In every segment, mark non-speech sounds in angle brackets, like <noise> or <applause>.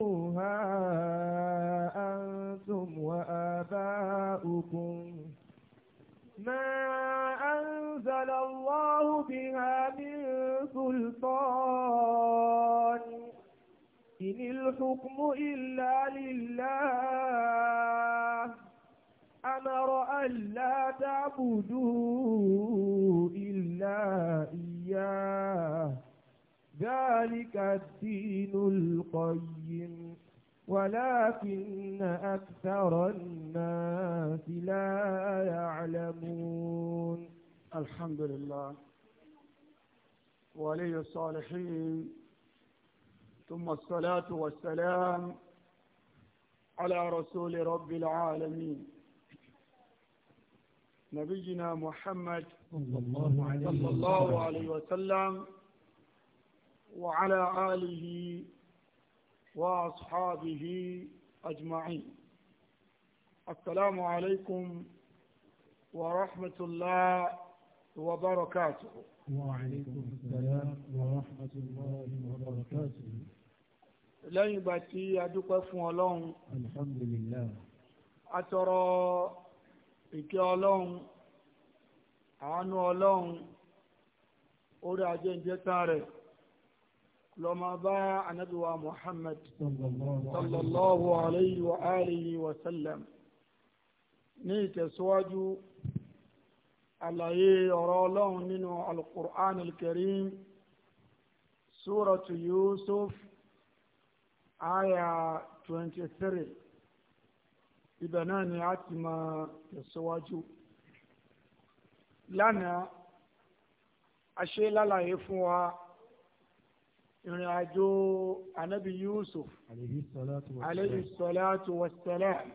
ها أنتم وآباؤكم ما أنزل الله بها من سلطان إن الحكم إلا لله أمر أن لا تعبدوا إلا إياه ذلك الدين القيم ولكن أكثر الناس لا يعلمون الحمد لله ولي الصالحين ثم الصلاة والسلام على رسول رب العالمين نبينا محمد صلى الله عليه وسلم وعلى آله وأصحابه أجمعين السلام عليكم ورحمة الله وبركاته وعليكم السلام ورحمة الله وبركاته lẹ́yìn ìgbà tí a dúpẹ́ fún ọlọ́run alhamdulillah a tọrọ ìkẹ́ ọlọ́run àánú ọlọ́run orí ajé ń jẹ́ tán rẹ̀ lọ́mọ bá anábíwá Muhammad sallallahu alayhi wa alihi wa sallam ní ìtẹ̀síwájú àlàyé ọ̀rọ̀ ọlọ́run nínú al-Qur'an al-Karim Yusuf aya 23 ibẹ̀ náà ni a ti máa tẹ̀síwájú lánàá a ṣe lálàyé fún wa ìrìn àjò anabi yusuf aleyhi salatu wa salam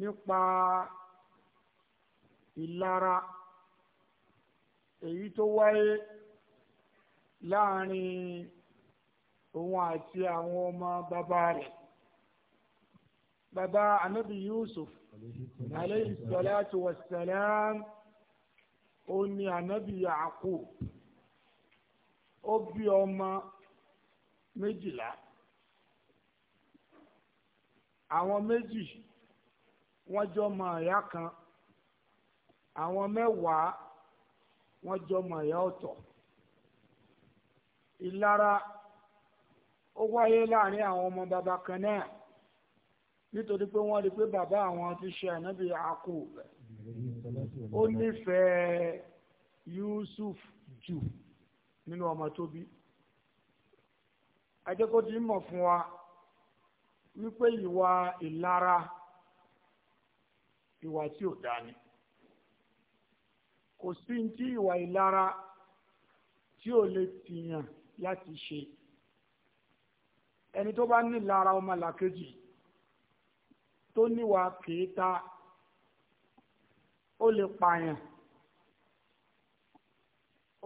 nípa ìlara èyí tó wáyé láàrin òun àti àwọn ọmọ bàbá rẹ̀ bàbá anabi yusuf aleyhi salatu wa salam ó ní anabi yaakub ó bí ọmọ méjìlá àwọn méjì wọ́n jọ ọmọ ìyá kan àwọn mẹ́wàá wọ́n jọ ọmọ ìyá ọ̀tọ̀ ìlara ó wáyé láàrin àwọn ọmọ bàbá kan náà nítorí pé wọ́n rí pé bàbá àwọn ti ṣe ànábì Yakub ó nífẹ̀ẹ́ Yusuf jù nínú ọmọ tó bí ajẹ́kọ́tì mọ̀ fún wa wípé ìwà ìlara ìwà tí ò dáa ni kò sí ti ìwà ìlara tí ò lè tìyàn láti ṣe ẹni tó bá ní ìlara ọmọ làkejì tó níwà kéèta ó lè pààyàn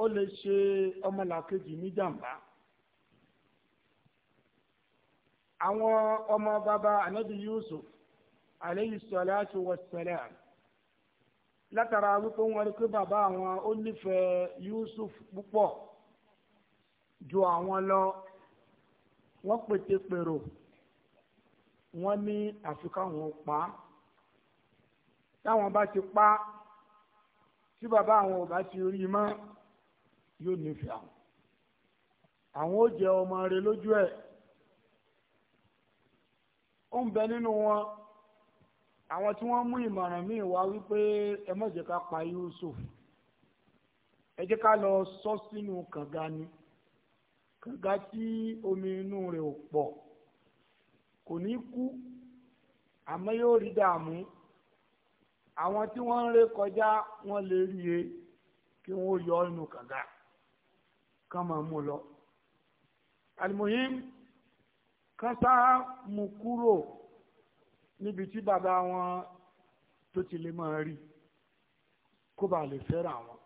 ó lè ṣe ọmọlàkejì níjàmbá àwọn ọmọ bàbá anabi yusuf aleyhi salatu wa salam látara wípé wọn rí pé bàbá àwọn ó nífẹ̀ẹ́ yusuf púpọ̀ ju àwọn lọ wọ́n pété pèrò wọ́n ní àfi káwọn pa táwọn bá ti pa tí bàbá àwọn ò bá ti rí i mọ́ yóò nífẹ̀ẹ́ àwọn àwọn ó jẹ ọmọ rẹ lójú ẹ̀ ó ń bẹ nínú wọn àwọn tí wọ́n mú ìmọ̀ràn míì wá wípé ẹ má ká pa Yusuf ẹ ká lọ sọ ni kànga tí omi inú re ò pọ̀ kò ní kú àmọ́ yóò rí dààmú àwọn tí wọ́n ń ré kọjá wọ́n lè rí e kí yọ kán máa mú lọ alimoyim kásá mú kúrò níbi tí bàbá wọn tó ti lè máa rí kó bàa lè fẹ́ra wọn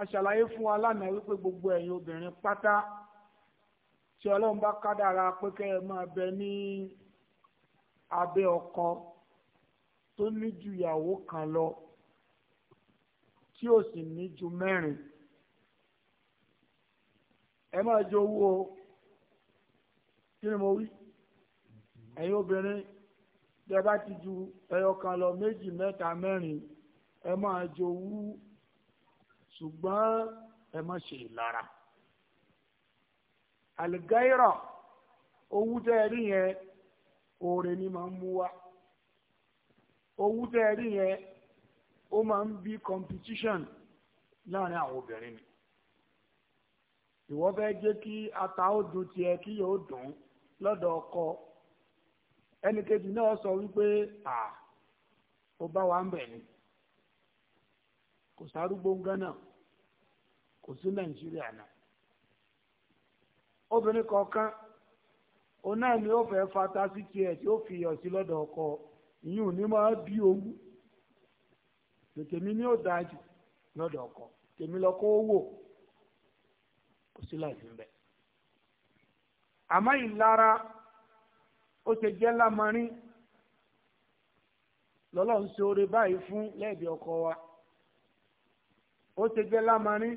aṣàlàyé fún wa lánàá wípé gbogbo ẹ̀yin obìnrin pátá tí ọlọ́run bá kádàrá pé kẹ́ ẹ máa bẹ ní abẹ́ ọkọ tó ní ju ìyàwó kan lọ tí ó sì ní ju mẹ́rin ẹ máa jẹ owó o kí ni mo wí ẹ̀yin obìnrin tẹ bá ti ju ẹyọ kan lọ méjì mẹ́ta mẹ́rin ẹ máa jẹ owó ṣùgbọ́n ẹ má ṣe ìlara àlìgáírà owó tẹ ẹ rí yẹn oore ni máa ń mú wá owó tẹ ẹ rí yẹn ó máa ń bí competition láàrin àwọn obìnrin ni ìwọ fẹ́ jẹ́ kí ata dùn tiẹ̀ kí yóò dùn ọkọ ẹnì náà sọ wípé à ó bá wa ń bẹ̀ ni kò sárúgbó gánà kò sí nàìjíríà náà obìnrin kọ̀ọ̀kan òun náà ni ó fẹ́ fata sí tiẹ̀ tí ó fi ọkọ ìyún ni máa bí owó kò sí láìsí ń bẹ. àmọ́ ìlara ó ṣe jẹ́ lámarín lọ́lọ́run ṣe oore báyìí fún lẹ́ẹ̀dì ọkọ wa ó ṣe jẹ lámarín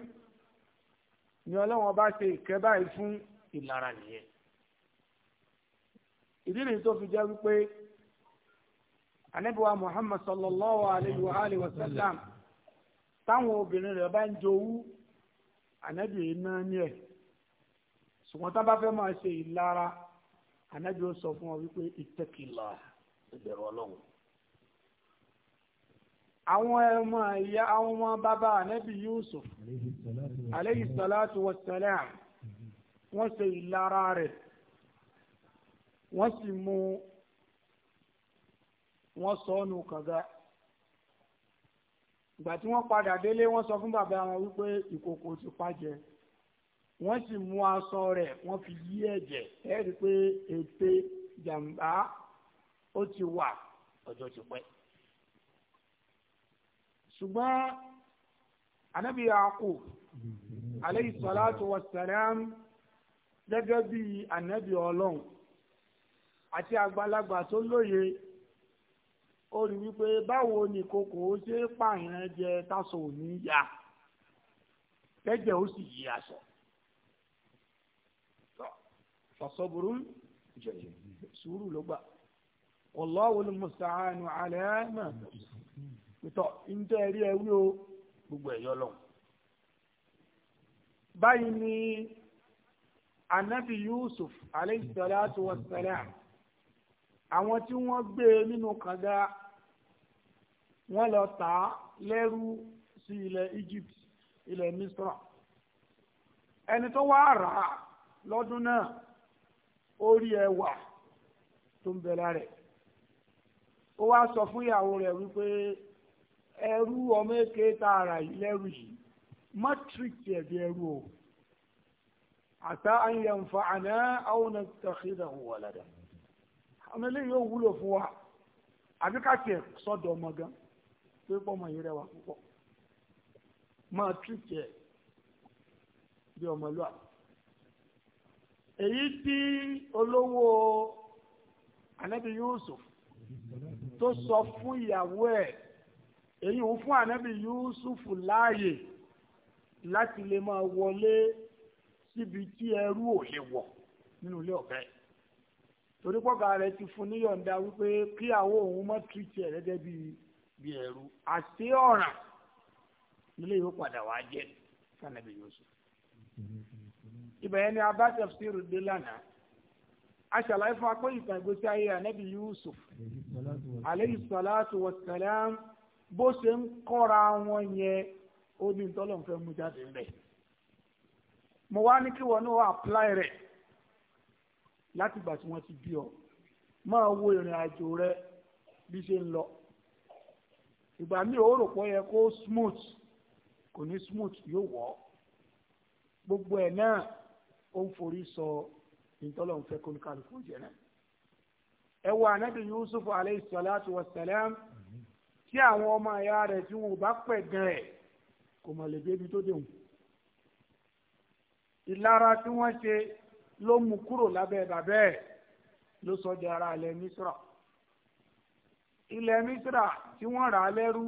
ni ọlọ́wọ́n bá ṣe ìkẹ́ báyìí fún ìlara nìyẹn. ìdí nìyí tó fi jẹ́ wípé anabiwa Muhammad sallallahu alayhi wa alihi wa sallam táwọn obìnrin rẹ̀ bá ń jowú. ànábì yìí náà ní ẹ̀ ṣùgbọ́n tá a bá fẹ́ máa ṣe ìlara ànábì ó sọ fún ọ wípé ìtẹ́kìlá ìbẹ̀rù ọlọ́run àwọn ọmọ ìyá àwọn ọmọ bàbá ànábì Yusuf aleyhi salatu wa salam wọ́n ṣe ìlara rẹ̀ wọ́n sì mú wọ́n sọ ọ́ nù kànga ìgbà tí wọ́n padà délé wọ́n sọ fún bàbá wọn wípé ìkòkò ti pàjẹ́ wọ́n sì mú aṣọ rẹ̀ wọ́n fi yí ẹ̀jẹ̀ ẹ̀ rí i pé ète jàǹbá ó ti wà ọjọ́ ti pẹ́. ṣùgbọ́n anabi Yaqub aleyhi salatu wa salam gẹ́gẹ́ bíi anabi ọlọ́run àti àgbàlagbà tó lóye ó rí wípé báwo ni kòkó ṣe pààyàn jẹ taso ò yá si ó sì yí aṣọ. fọ̀sọ́burú jẹ̀jẹ̀ sùúrù ló gbà wallahu al ala náà. pẹ̀tọ́ ǹjẹ́ rí ẹ o gbogbo ẹ̀yọ́ lọ. báyìí ni anabi yusuf aleyhi salatu wa àwọn tí wọ́n gbé e nínú kànga wọ́n lọ tà á lẹ́rú sí ilẹ̀ Egypt ilẹ̀ Misra ẹni tó wá rà á lọ́dún náà ó rí ẹwà tó ń bẹ lára ó wá sọ fún ìyàwó rẹ̀ wípé ẹrú ọmọ èké tá a rà yìí lẹ́rú yìí má tìrìtì ẹ̀ bí ẹrú o àtà àyẹ̀ǹfà àná àwọn ọ̀nà tàkìdà wọ̀lẹ̀dẹ̀ àwọn eléyìí yóò wúlò fún wa àbí ká tiẹ̀ sọ́dọ̀ ọmọ gan pé pọ́ ọmọ yìí rẹwà púpọ̀ máa tìrìtì ẹ̀ bí ọmọlúwa èyí tí olówó anabi Yusuf tó sọ fún ìyàwó ẹ̀ èyí ń fún anabi Yusuf láàyè láti lè máa wọlé síbi tí ẹrú ò lè wọ̀ nínú ilé ọ̀gá ẹ̀ torí pọ́gà rẹ̀ ti fún níyọ̀ǹda wípé kí àwọn òun mọ́ tìrìtì ẹ̀ gẹ́gẹ́ bí bí ẹ̀rú àti ọ̀ràn nílé yóò padà wá jẹ́ sànàbí Yusuf. ibẹ̀ yẹn ni abá tafsiru dé lánàá aṣàlàyé fún apẹ́ ìtàn ìgbésí ayé ànábì Yusuf aleyhi salatu wa salam bó ṣe ń kọ́ra wọn yẹn ó ìtọ́lọ́nfẹ́ mú jáde ń bẹ̀. mo wá ní kí wọn náà apply rẹ̀ láti ìgbà tí wọ́n ti bí ọ máa wo ìrìn àjò rẹ bí ṣe ń lọ ìgbà míì ó rò pé ó yẹ kó smooth kò ní smooth yóò wọ́ gbogbo ẹ̀ náà ó ń forí sọ ìtọ́lọ̀ ń fẹ́ kóníkàlùkù jẹ náà ẹ wo ànábì Yusuf alayhi salatu wa salam tí àwọn ọmọ ẹ̀yà rẹ̀ tí wọn ò bá pẹ̀ gan ẹ̀ kò mọ̀ lè débi tó dé wọn ìlara tí wọ́n ṣe ló mú kúrò lábẹ́ bàbá ẹ̀ ló sọ di ara ilẹ̀ misra ilẹ̀ misra tí wọ́n rà á lẹ́rú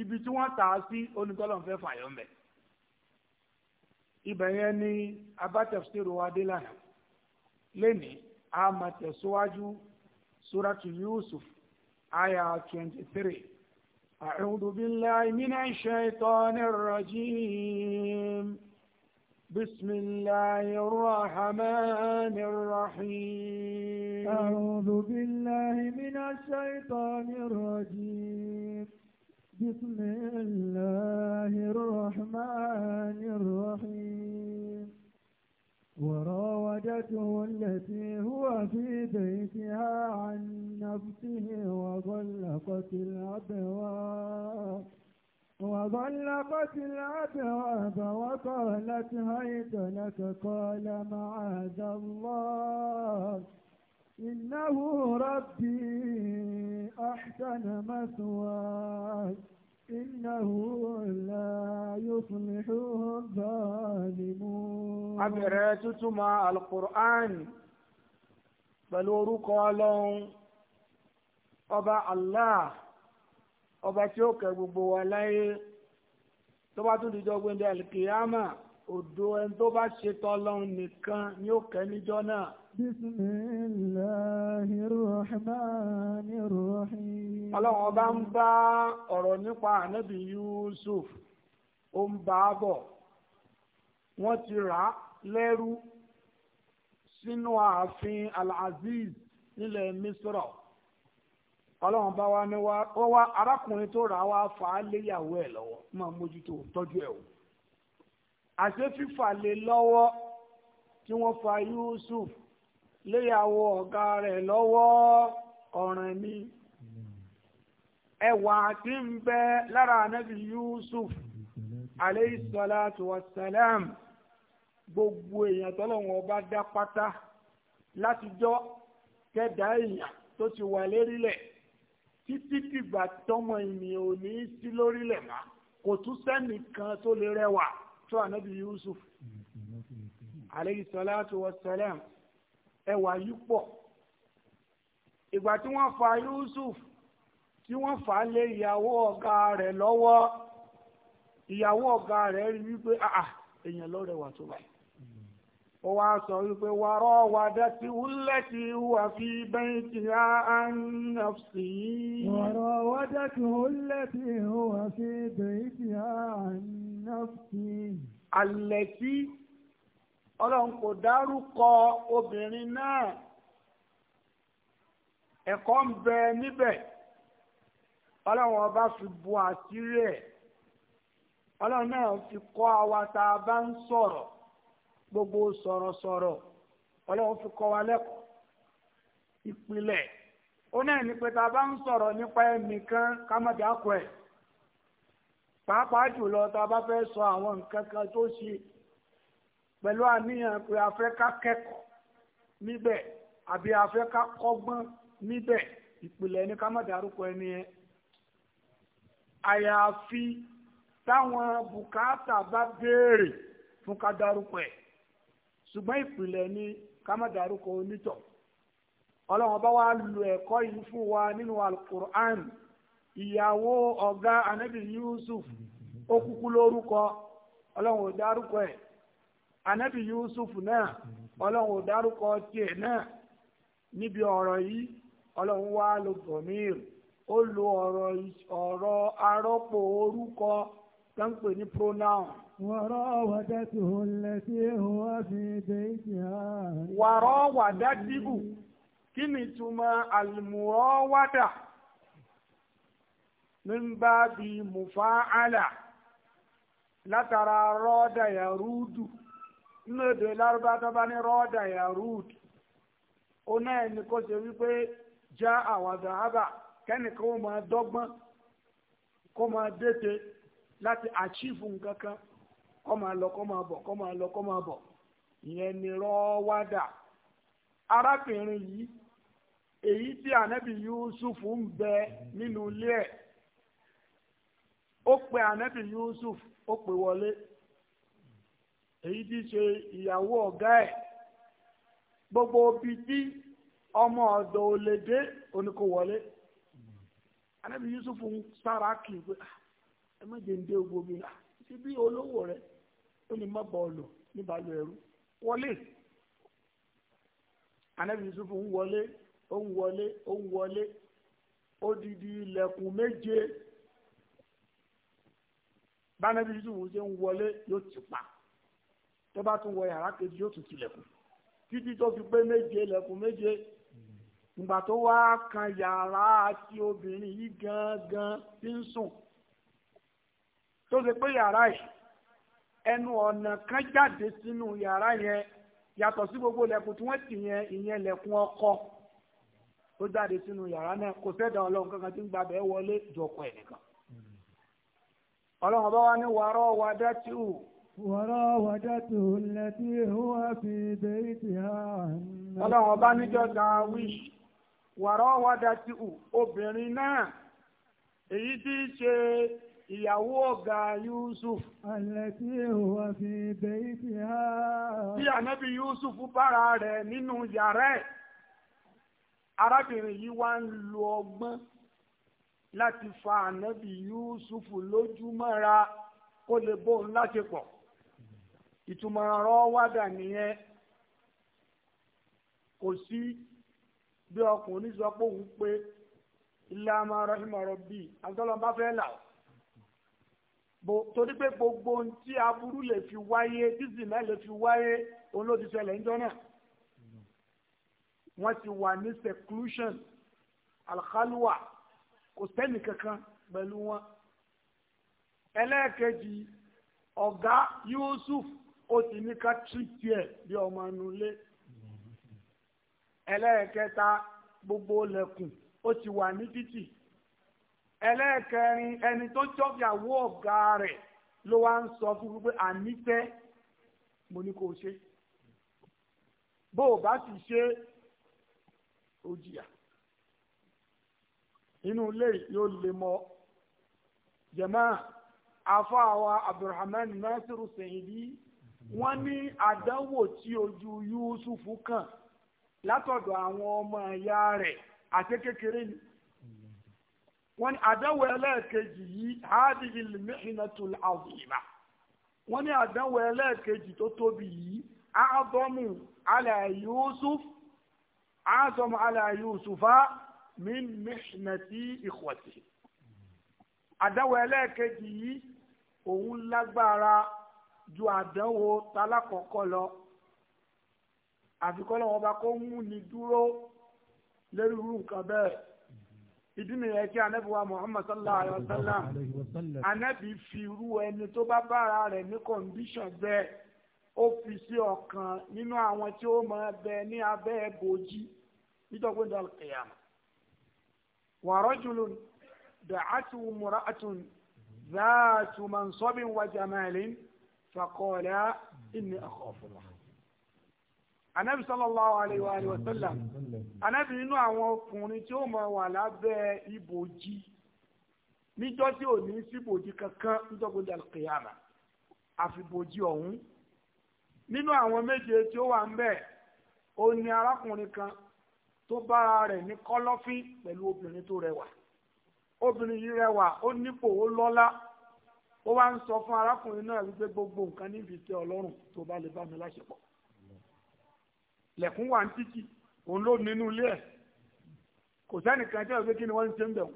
ibi tí wọ́n tà á sí onítọ́lọ́n fẹ́ fàyọ́ ibẹ̀ yẹn ni abatẹ̀síro adélànà lẹ́ni a suratu yusuf aya twenty three. أعوذ بالله من الشيطان الرجيم بسم الله الرحمن الرحيم أعوذ بالله من الشيطان الرجيم بسم الله الرحمن الرحيم وراودته التي هو في بيتها عن نفسه وغلقت الأبواب وغلقت الأبواب وقالت هيت لك قال معاذ الله إنه ربي أحسن مثواي إنه لا يصلح الظالمون أبراتتما القرآن بل ورقى لهم أبا الله ọba tí ó kẹ́ gbogbo wa láyé tó bá tún dijọ́ gbé ní alikiyama òdo ẹni tó bá ṣe tọ́lọ́hún nìkan ni ó kẹ́ níjọ́ náà. bisimilahi rahmani rahim. ọlọ́run ọba ń bá ọ̀rọ̀ nípa ànábì yusuf ó ń bá a bọ̀ wọ́n ti rà á lẹ́rú sínú ààfin al-aziz nílẹ̀ misra. ọlọ́run bá wá ní wa wá arákùnrin tó rà wá fà á léyàwó ẹ̀ lọ́wọ́ máa mójútó tọ́jú ẹ̀ o àṣé fífà lé lọ́wọ́ wọ́n fa Yusuf léyàwó ọ̀gá rẹ̀ lọ́wọ́ ọ̀ràn mi ẹwà tí ń bẹ lára Yusuf aleyhi salatu salam gbogbo èèyàn tọ́lọ́wọ́n bá dá pátá látijọ́ èèyàn tó ti títí dìgbà tọmọ ènìyàn ò ní í sí lórílẹ̀ má kò tún sẹ́nìkan tó lè rẹwà tó ànábì Yusuf aleyhi salatu wa salam ẹwà yìí pọ̀ ìgbà tí wọ́n fa Yusuf tí wọ́n fà á lé ìyàwó ọ̀gá rẹ̀ lọ́wọ́ ìyàwó ọ̀gá rẹ̀ rí wípé ah, ah, èèyàn ló rẹwà tó báyìí ó wá sọ wípé wàrọ̀ wàdá tí wúlẹ̀ tí wà fi bẹ́ẹ̀ tí a án nàfsì yìí. wàrọ̀ wàdá tí wúlẹ̀ tí wà fi bẹ́ẹ̀ tí a án nàfsì yìí. àlẹ́ tí ọlọ́run dárúkọ obìnrin náà ẹ̀kọ́ ń bẹ níbẹ̀ ọlọ́run ọba fi bu àṣírí ẹ̀ ọlọ́run náà fi kọ́ àwa tá bá ń sọ̀rọ̀ gbogbo sọ̀rọ̀sọ̀rọ̀ ọlọ́run fi kọ́ wa lẹ́kọ̀ọ́ ìpìlẹ̀ ó náà ní pé tá a bá ń sọ̀rọ̀ nípa ẹnìkan ká má jà kọ ẹ̀ pàápàá jùlọ tá a bá fẹ́ sọ àwọn nǹkan kan tó ṣe pẹ̀lú àníyàn pé a fẹ́ ká kẹ́kọ̀ọ́ níbẹ̀ àbí a fẹ́ ká kọ́gbọ́n níbẹ̀ ìpìlẹ̀ ní ká má dárúkọ ẹni yẹn àyàfi táwọn bùkátà bá béèrè fún ká dárúkọ ẹ̀. ṣùgbọ́n ìpìlẹ̀ ni ká má dárúkọ onítọ̀ ọlọ́run bá wá lu ẹ̀kọ́ yìí fún wa nínú alukur'an ìyàwó anabi yusuf ó lórúkọ ọlọ́run ò dárúkọ ẹ̀ anabi yusuf náà ọlọ́run ò dárúkọ tiẹ̀ náà níbi ọ̀rọ̀ yìí ọlọ́run wá lu bọ̀míìr ó lo ọ̀rọ̀ arọ́pò orúkọ tó ń وراودته التي هو في بيتها وراودته كنتما المراودة من باب مفاعلة لا ترى راد يرود nílòdò lárúbá tó bá ní rọ́ọ̀dà yarud ó náà ẹni kó ṣe wípé já àwàdà ábà kẹ́nìkan ó kọ́ máa lọ kọ́ máa lọ ni yìí èyí tí Yusuf ń bẹ nínú ilé ẹ ó pe Yusuf ó pè wọlé èyí tí ṣe ìyàwó ọ̀gá ẹ gbogbo ibi tí ọmọ ọ̀dọ̀ ò lè dé oníkó wọlé Yusuf ń sára kì í pé ah, ẹ má ń dé gbogbo ah, bí ó ní mọ́ bọ́ọ̀lù níbàlú ẹrú wọlé anabi yusuf ń wọlé ó ń wọlé ó ń wọlé odidi ilẹ̀kùn méje bánabi yusuf ṣe ń wọlé yóò ti pa tó bá tún wọ yàrá kejì yóò tún tilẹ̀kùn títí tó fi pé méje ilẹ̀kùn méje ìgbà tó wá kan yàrá àti obìnrin yìí gangan ti ń sùn tó ṣe pé yàrá yìí. ẹnu ọ̀nà kan jáde sínú yàrá yẹn yàtọ̀ sí gbogbo lẹ́kùn tí wọ́n ti yẹn ìyẹn lẹ́kùn ọkọ tó jáde sínú yàrá náà kò sẹ́dá ọlọ́run kankan tí ń gbàgbẹ́ wọlé jọkọ ẹ̀ nìkan. ọlọ́run bá wá ní ò. wà fi bẹ́ẹ̀ ti hà. ọlọ́run bá níjọ́ wí obìnrin náà èyí tí ṣe. ìyàwó ọ̀gá Yusuf. Àlẹ́tí ìhùwà fi ibẹ̀ ìfì ha. Bí ànábì Yusuf bára rẹ̀ nínú yàrá ẹ̀, arábìnrin yìí wá ń lo ọgbọ́n láti fa ànábì Yusuf lójúmọ́ra kó lè bóun láti pọ̀. wádà nìyẹn. Kò sí bí ọkùnrin sọ pé òun torí pé gbogbo ohun tí aburú lè fi wáyé dísìnà lè fi wáyé òun ló ti ṣẹlẹ̀ ńjọ́ náà wọ́n ti wà ní seclusion alkhalwa kò sẹ́ni kankan pẹ̀lú wọn ẹlẹ́ẹ̀kejì ọ̀gá Yusuf ó ti ní ká tírìtì ẹ̀ bí ọmọ nulẹ̀ ẹlẹ́ẹ̀kẹta gbogbo lẹ́kùn ó ti wà ní títì ẹlẹ́ẹ̀kẹrin ẹni tó jọ́bìyàwó ọ̀gá rẹ̀ ló wá ń sọ fún wípé ànífẹ́ mo ní kó o ṣe bó o bá sì ṣe ó jìyà inú ilé yóò lè mọ jẹ̀mọ́ àfọwà abdulrahman nasiru wọ́n ní àdánwò tí ojú yusufu kàn látọ̀dọ̀ àwọn ọmọ ìyá rẹ̀ àti kékeré ni. wọ́n ní àdánwò ẹlẹ́ẹ̀kejì yìí hádìí mihnatul azima wọ́n ní àdánwò ẹlẹ́ẹ̀kejì tó tóbi yìí àádọ́mù ala Yusuf àádọ́mù ala Yusufa min mihnati ikhwati àdánwò ẹlẹ́ẹ̀kejì yìí òun lágbára ju àdánwò talákọ̀ọ́kọ́ lọ àfikọ́ lọ́wọ́ bá kó mú ni dúró lórí irú nǹkan bẹ́ẹ̀ ìdí nìyẹn kí anábìwá muhammad sallallahu alayhi wa sallam anábì fi irú ẹni tó bá bára rẹ̀ ní kọ̀ǹdíṣàn bẹ́ẹ̀ ó fi sí ọ̀kan nínú àwọn tí ó máa bẹ ní abẹ́ bòjì nítorí pé al-qiyama wa rajulun da'atu imra'atun dhatu mansabin wa jamalin faqala inni akhafu Allah anabi sallallahu alayhi wa alayhi wa sallam anabi nínú àwọn ọkùnrin tí ó máa wà lábẹ́ ibòji níjọ́ tí ò ní síbòji kankan níjọba ìjà kìyàmà àfibòji ọ̀hún nínú àwọn méje tí ó wà ń bẹ̀ ó ní arákùnrin kan tó bára rẹ̀ ní kọ́lọ́fín pẹ̀lú obìnrin tó rẹwà obìnrin yìí rẹwà ó nípò ó lọ́lá ó wá ń sọ fún arákùnrin náà wípé gbogbo nǹkan níbi tí ọlọ́run tó bá lè bá mi láṣepọ̀ lẹ̀kún wà ń títì òun ló nínú ilé ẹ̀ kò sẹ́nìkan tí wọ́n gbé kí ni wọ́n ń ṣe ń bẹ̀wò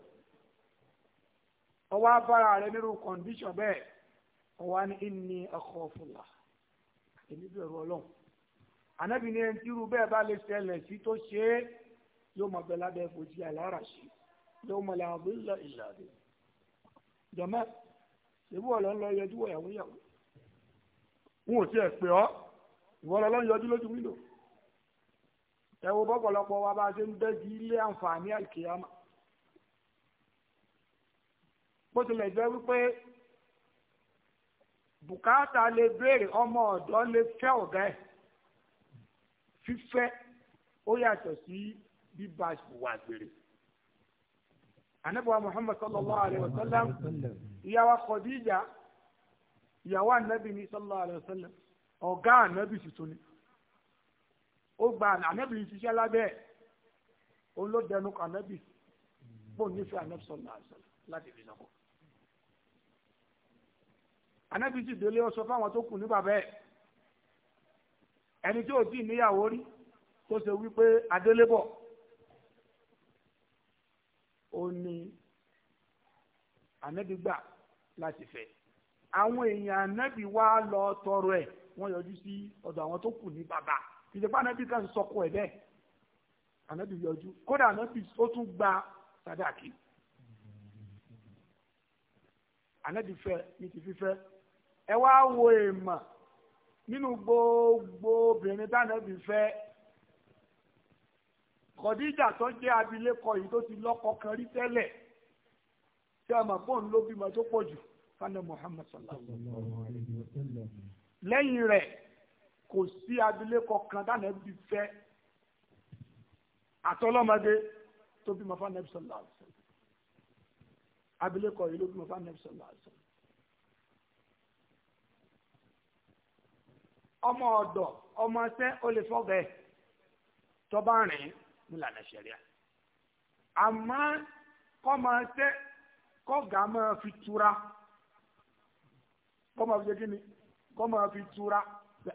ọwọ́ abára rẹ nínú kọ̀ǹdíṣọ̀n bẹ́ẹ̀ ọwọ́ ni inni akhafullah èmi bẹ̀rù ọlọ́run ànábì ni ẹni tírú bẹ́ẹ̀ bá lè ṣẹlẹ̀ sí tó ṣe é yóò mọ bẹ́ẹ̀ lábẹ́ fòjì àlára ṣe yóò mọ làwọn bí lọ ìlàdé jọmọ ṣèbú ọ̀lọ́ ń lọ yọjú wọ̀yàwó yàwó wọn ò tiẹ̀ pè ọ́ ìwọ ẹ wo bọ́pọ̀lọpọ̀ wa bá a ṣe ń dẹ́jú ilé àǹfààní àìkèyàmà bó tilẹ̀ jẹ́ wípé bùkátà lè béèrè ọmọ ọ̀dọ́ lè fẹ́ ọ̀gá ẹ̀ fífẹ́ ó yàtọ̀ sí bíbá ìwà gbèrè anabuwa muhammad sallallahu alaihi wasallam ìyàwó Khadija ìyàwó anabi ni sallallahu alaihi wasallam ọ̀gá anabi tuntun ni ó gba ànábì ṣiṣẹ́ lábẹ́ ẹ̀ ó ló dẹnu kan ànábì bó nífẹ̀ẹ́ ànábì sọ̀rọ̀ láti fi sọ̀kọ̀. ànábì sì délé ó sọ fáwọn tó kù ní bàbá ẹ̀ ẹni tí ò tí ì níyàwó rí tó ṣe wípé adélébọ̀ ó ní ànábì gbà láti fẹ́ àwọn èèyàn ànábì wá lọ tọrọ ẹ̀ wọ́n yọjú sí ọ̀dọ̀ àwọn tó kù ní bàbá ìjọba ànábì kan sọkọ ẹ̀ bẹ́ẹ̀ ànábì yọjú kódà ànábì ó tún gba sàdáàkì ànábì fẹ́ ní ti fífẹ́ ẹ wá wo èèmọ̀ nínú gbogbo obìnrin tànábì fẹ́ kọ̀díjà tó jẹ́ abilékọ yìí tó ti lọ́kọ kan rí tẹ́lẹ̀ tí a mọ̀ pọ̀ ń ló bímọ tó pọ̀ jù fana Muhammad sallallahu alayhi wa sallam lẹ́yìn rẹ̀ kò sí abilékọ kan dáná bí fẹ́ àtọlọ́mọdé tó bímọ fún anabi sọlá àṣẹ abilékọ yìí ló bímọ fún anabi sọlá àṣẹ ọmọ ọ̀dọ̀ ọmọ ẹsẹ ó lè fọgẹ tọba rìn nílànà ṣẹríà àmọ́ kọmọ ẹsẹ kọgà máa fi tura kọmọ fi kí ni kọmọ fi tura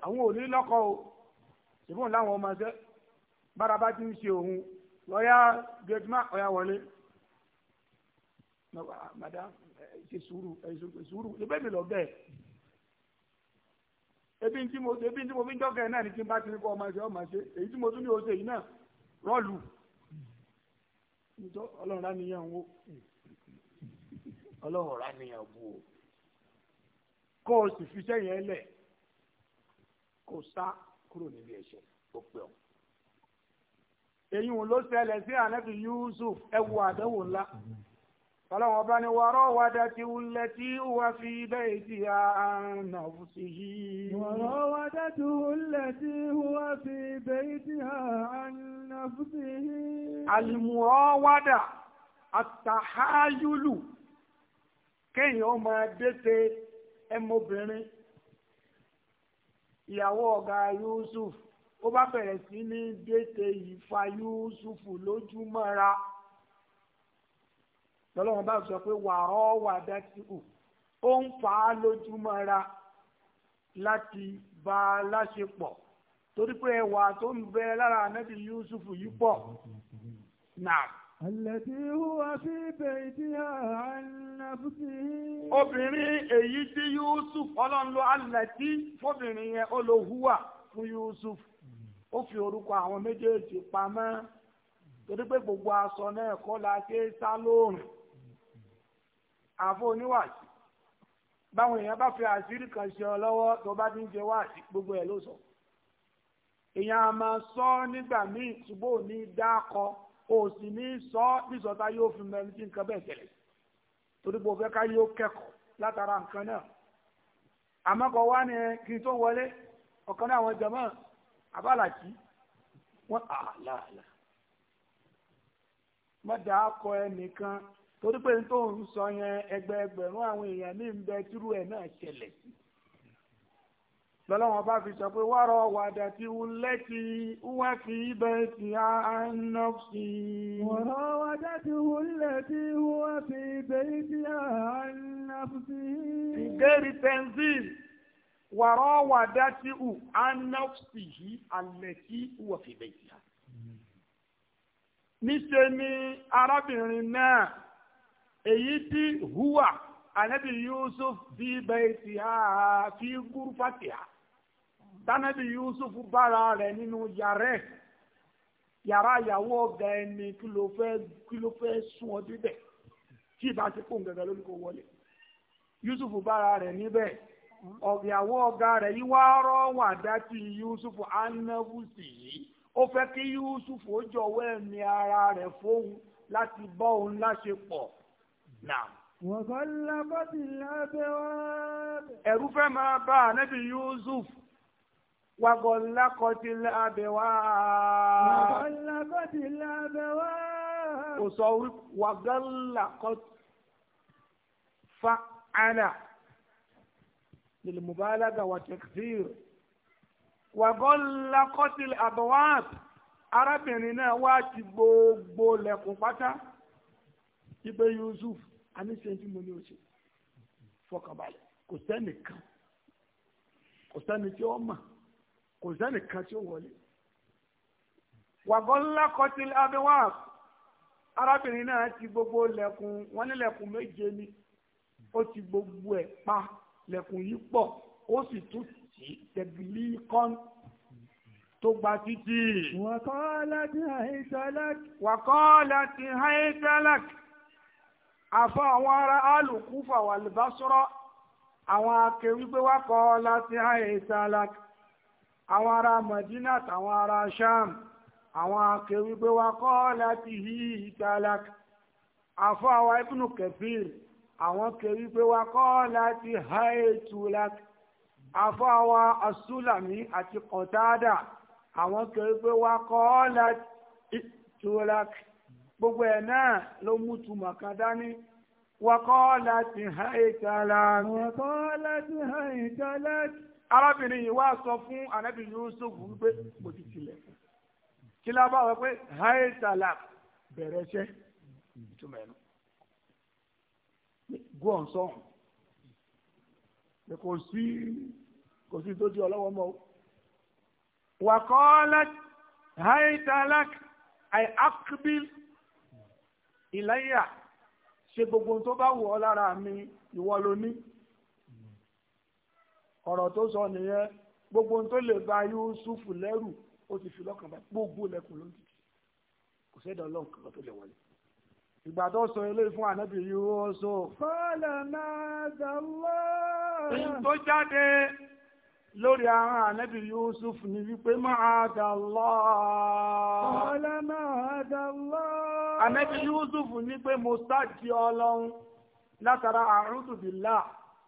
àwọn ò ní lọ́kọ o ṣùgbọ́n láwọn ọmọ ṣẹ́ bára bá ti ń ṣe òun lọ́yà gẹ́tìmá ọ̀yà wọlé madam ṣe sùúrù ṣe sùúrù ṣe bẹ́ẹ̀ mi lọ bẹ́ẹ̀ ebi tí mo ebi tí mo fi ń jọ́ kẹ́hìn náà ni tí n bá ti ní kọ́ ọmọ ṣe ọmọ ṣe èyí tí mo tún ní oṣù èyí náà rọ́ọ̀lù nítorí ọlọ́run rá nìyẹn wo ọlọ́run rá nìyẹn bu o kó o sì fi sẹ́yìn ẹ lẹ̀ kò sá kúrò níbi ẹ̀ṣẹ̀ tó pẹ́ ọ. èyí wọn ló sí Yusuf ẹwù àdánwò ńlá fọlọ́wọ́n bá ní wọ́rọ́ wa ti wulẹ̀ tí wà fi bẹ́ẹ̀ nà fúsi yìí. wọ́rọ́ wa wà fi bẹ́ẹ̀ ti à nà fúsi yìí. ìyàwó ọ̀gá Yusuf ó bá bẹ̀rẹ̀ sí ní dẹ́tẹ̀ ìfà Yusuf lójúmọ́ra lọ́lọ́run bá sọ pé wàrọ́ wà dátìkù ó ń fà á lójúmọ́ra láti bá a láṣepọ̀ torí pé ẹwà tó ń bẹ lára anábì Yusuf yìí pọ̀ náà. Àlẹ́dí húwa fi bẹ̀ ìdí àánà fún sí. Obìnrin èyí tí Yusuf ọlọ́run lo àlẹ́dí fóbìnrin yẹn ó lo húwa fún Yusuf. Ó fi orúkọ àwọn méjèèjì pamọ́. Torí pé gbogbo aṣọ náà kọ́ la ṣe sá lóòrùn. Àfọ oníwàásí. Báwọn èèyàn bá fi àṣírí kan ṣe ọ lọ́wọ́ tó bá ti ń ṣe wáàsí gbogbo ẹ̀ ló sọ. Èèyàn a máa sọ nígbà míì ṣùgbọ́n ò ní dákọ̀ọ́ o sì ní sọ nísọta yóò fi mẹ́rin tí nǹkan bẹ́ẹ̀ tẹ̀lé torí pé o fẹ́ ká yóò kẹ́kọ̀ọ́ látara nǹkan náà àmọ́ kọ wá ní kí n tó wọlé ọ̀kan náà àwọn jàmáà abálàjì wọ́n àlàálà mọ́tà akọ ẹnìkan torí pé n tó ń sọ yẹn ẹgbẹẹgbẹ̀rún àwọn èèyàn ní ìbẹ tírú ẹ̀ náà ṣẹlẹ̀ sí i lọ́lọ́wọ́n bá fi sọ pé wárọ̀ wàdà tí ó lẹ́tí wá fi ibẹ̀ tí a nọ́fsì. wárọ̀ wàdà tí ó lẹ́tí wá fi ibẹ̀ tí a nọ́fsì. ìgérí tenzil wárọ̀ wàdà tí ó a nọ́fsì yìí alẹ́ tí wà fi ibẹ̀ tí a. níṣe ni arábìnrin náà èyí tí hùwà anabi yusuf fi bẹ́ẹ̀ tí a fi gúrúfà tí tánàbí Yusuf bára rẹ̀ nínú yàrá ẹ̀ yàrá ìyàwó ọ̀gá ẹni kí ló fẹ́ kí ló fẹ́ sún ọ bíbẹ̀ tí ìbá ti kún gẹ́gẹ́ lórí kò wọlé Yusuf bára rẹ̀ níbẹ̀ ọ̀gbìyàwó ọ̀gá rẹ̀ yìí wá rọ́wà dátì Yusuf anábùsì yìí ó fẹ́ kí Yusuf ó jọ̀wọ́ ẹ̀mí ara rẹ̀ fóun láti bọ́ òun láṣepọ̀ náà. wọ́n kọ́ lábọ́dì lábẹ́ wá. ẹ̀rú fẹ́ máa bá ànábì Yusuf. وغلقت الأبواب وغلقت الأبواب وصوت وغلقت فعل للمبالغة والتكثير وغلقت الأبواب arábìnrin náà wá ti gbogbo lẹ̀kùn pátá ibẹ Yusuf aníṣẹ́ntì mo ní oṣù fọkànbalẹ̀ kò sẹ́nìkan kò sẹ́ni tí kò sẹ́nì kan tí ó wọlé. wàgọ́lá kọtí abẹ́wà arábìnrin náà ti gbogbo lẹ́kùn wọn ní lẹ́kùn méje ni ó ti gbogbo ẹ̀ pa lẹ́kùn yìí pọ̀ ó sì tún tì tẹ̀bílì kan tó gba títì. wàkọ́lá ti haitalak. wàkọ́lá ti haitalak. àfọ àwọn ará alùkúfà wà lè àwọn akẹ́wí pé wàkọ́lá ti haitalak àwọn ará Madina àtàwọn ará Sham àwọn akẹwì pé wá kọ́ láti hí ìtàlák àfọ àwa Ibnu Kathir àwọn kẹwì pé wá kọ́ láti há ètùlák àfọ àwa asúlàmí àti Qatada àwọn kẹwì pé wá kọ́ láti ìtùlák gbogbo ẹ̀ náà ló mú túmọ̀ kan dání. وقالت هيت لك وقالت هيت لك arábìnrin yìí wá sọ fún anabi yusuf wípé mo ti tilẹ̀ kí ló bá wọ pé haitala bẹ̀rẹ̀ ṣẹ́ ìtumọ̀ ẹ̀nu go on sọ́hùn kò sí kò sí tó di ọlọ́wọ́ mọ́ o wàkọ́ọ́lá haitala àìákbíl ìlàyà ṣe gbogbo tó bá wù ọ́ lára mi ìwọ ló ní ọ̀rọ̀ tó sọ nìyẹn gbogbo tó lè ba Yusufu lẹ́rù ó ti fi lọ́kàn bá gbogbo lẹ́kùn ló kò sẹ́dọ̀ ọlọ́run tó lè wọlé ìgbà tó sọ eléyìí fún ànábì Yúsúfù. fọlẹ̀ máa dàlọ́. tó jáde lórí àwọn ànábì Yúsúfù ni wípé máa dàlọ́. fọlẹ̀ máa dàlọ́. ànábì Yúsúfù ní pé mo sáàjì ọlọ́run látara a'udhu billah.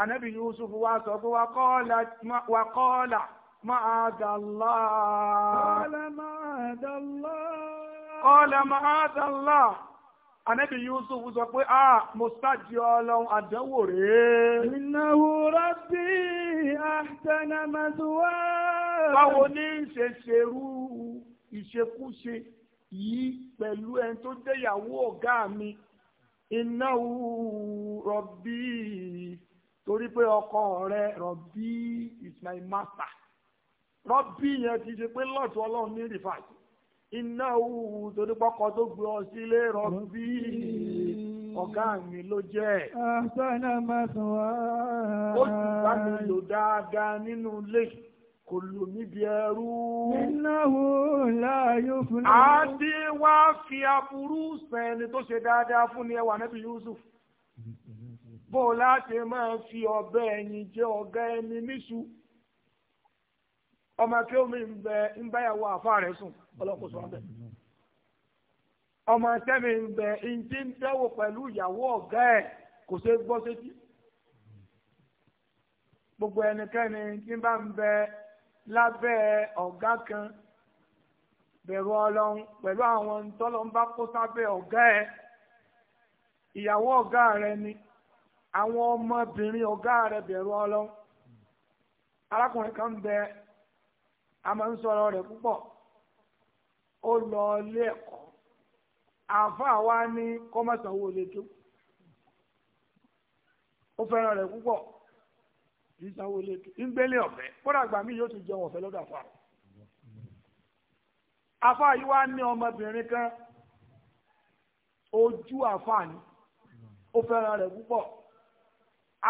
anabi yusuf wa sọ pé wa kọ́ọ̀là máa dàlá. kọ́ọ̀là máa dàlá. kọ́ọ̀là máa dàlá. anabi yusuf sọ pé a mustaji ọlọ́run àdánwò rèé. ìnáwó rábì àtẹnà màdùwà. báwo ní ṣe ṣerú ìṣekúṣe yìí pẹ̀lú ẹni tó jẹ́yàwó ọ̀gá mi ìnáwó rọ̀bì torí pé ọkọ rẹ rọbí is my master rọbí yẹn ti ṣe pé lọ́ọ̀tù ọlọ́run ní rìfàṣì iná òwú torí pọ́kọ tó gbé ọ sílé rọbí ọ̀gá mi ló jẹ́ ẹ̀. máa sàn wá. ó sì bá mi lò dáadáa nínú ilé kò lò níbi ẹrú. ináwó láàyò fún mi. àdéhùn wá fi aburú sẹ́ni tó ṣe dáadáa fún ni ẹwà nẹ́bí Yusuf bó o láti máa fi ọ̀bẹ ẹni jẹ́ ọ̀gá ẹni níṣu ọmọ kí omi ń bẹ ń báyàwó àfa rẹ̀ sùn ọlọ́kùn sọ bẹ́ẹ̀ ọmọ tẹ́mi ń bẹ ń ti ń dẹ́wò pẹ̀lú ìyàwó ọ̀gá ẹ̀ kò ṣe gbọ́ sétí gbogbo ẹnikẹ́ni tí bá ń bẹ lábẹ́ ọ̀gá kan bẹ̀rù ọlọ́run pẹ̀lú àwọn tọ́lọ́ ń bá kó sábẹ́ ọ̀gá ẹ̀ ìyàwó ọ̀gá rẹ̀ ni. àwọn ọmọbìnrin ọgá rẹ bẹ̀rù ọlọ arákùnrin kan bẹ a máa ń sọ̀rọ̀ rẹ̀ púpọ̀ ó lọ ilé àáfàá wa ní kọ́mọ̀sánwó lẹ́jọ́ ó fẹ́ràn rẹ̀ púpọ̀ kì í sanwó lẹ́jọ́ ń gbélé ọ̀fẹ́ kódà àgbà mi yóò tún jẹun yìí wá ní ọmọbìnrin kan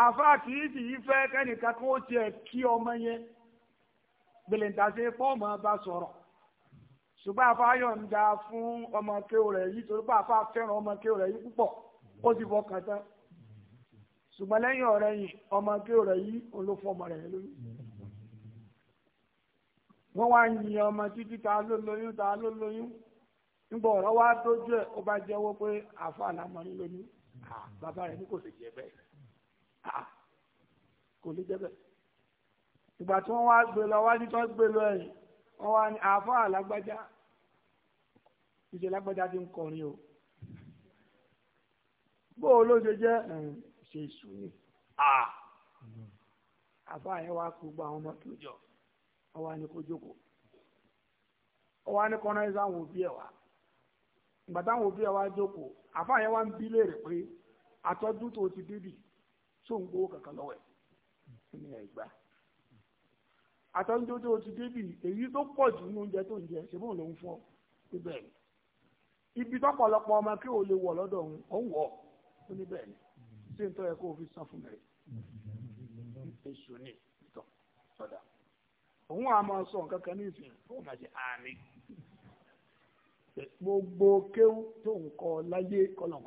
àfa kìí sì yí fẹ́ kẹ́nìkan kó tiẹ̀ kí ọmọ yẹn gbèlèǹtàṣe fọ́ọ̀mù bá sọ̀rọ̀ ṣùgbọ́n àfa yọ̀ǹda fún ọmọ kéwò rẹ̀ yìí torí pé àfa fẹ́ràn ọmọ kéwò rẹ̀ yìí púpọ̀ ó sì fọkàn tán ṣùgbọ́n lẹ́yìn ọ̀rẹ́ yìí ọmọ kéwò rẹ̀ yìí olófọmọ rẹ̀ lóyún wọ́n wá yin ọmọ títí ta ló lóyún ta ló lóyún nígbà ọ̀rọ̀ wá dójú ẹ̀ ó bá jẹ́wọ́ pé àfa làmọ́ ń lóyún bàbá rẹ̀ ní kò sì jẹ́ bẹ́ẹ̀. Ah, kò lè jẹ́ bẹ́ẹ̀ ìgbà tí wọ́n wá gbé lọ wájú tó gbé lọ ẹ̀yìn wọ́n wá ní àáfàá lágbájá ìṣe lágbájá ti ń kọrin o bó o ló ṣe jẹ́ ṣe ìṣù ni ah! àáfàá yẹn wá kó gbogbo àwọn ọmọ tó jọ wọ́n wá ní kó jókòó wọ́n wá ní kọ́nà ẹ̀sán àwọn òbí ẹ̀ wá ìgbà táwọn òbí ẹ̀ wá jókòó àáfàá yẹn wá ń bí léèrè pé àtọ́jú tó ti débì tó ń gbowó kankan lọ́wọ́ ẹ̀ sínú ẹ̀ gbá. àtọ́nudó tó o ti débì èyí tó pọ̀ jù nínú oúnjẹ tó ń jẹ ṣe bóun ló ń fọ́ níbẹ̀ ni. ibi tọ́pọ̀lọpọ̀ ọmọ kí o lè wọ̀ lọ́dọ̀ òun ò ń wọ̀ ó níbẹ̀ ni ṣé n tọ́ yẹ kó o fi san fún mi rẹ̀ èṣù ni ìtọ̀ sọ̀dà òun àmọ́ sọ nǹkan kan ní ìsìn òun máa ṣe àmì gbogbo kéwú tó ń kọ láyé kọlọ̀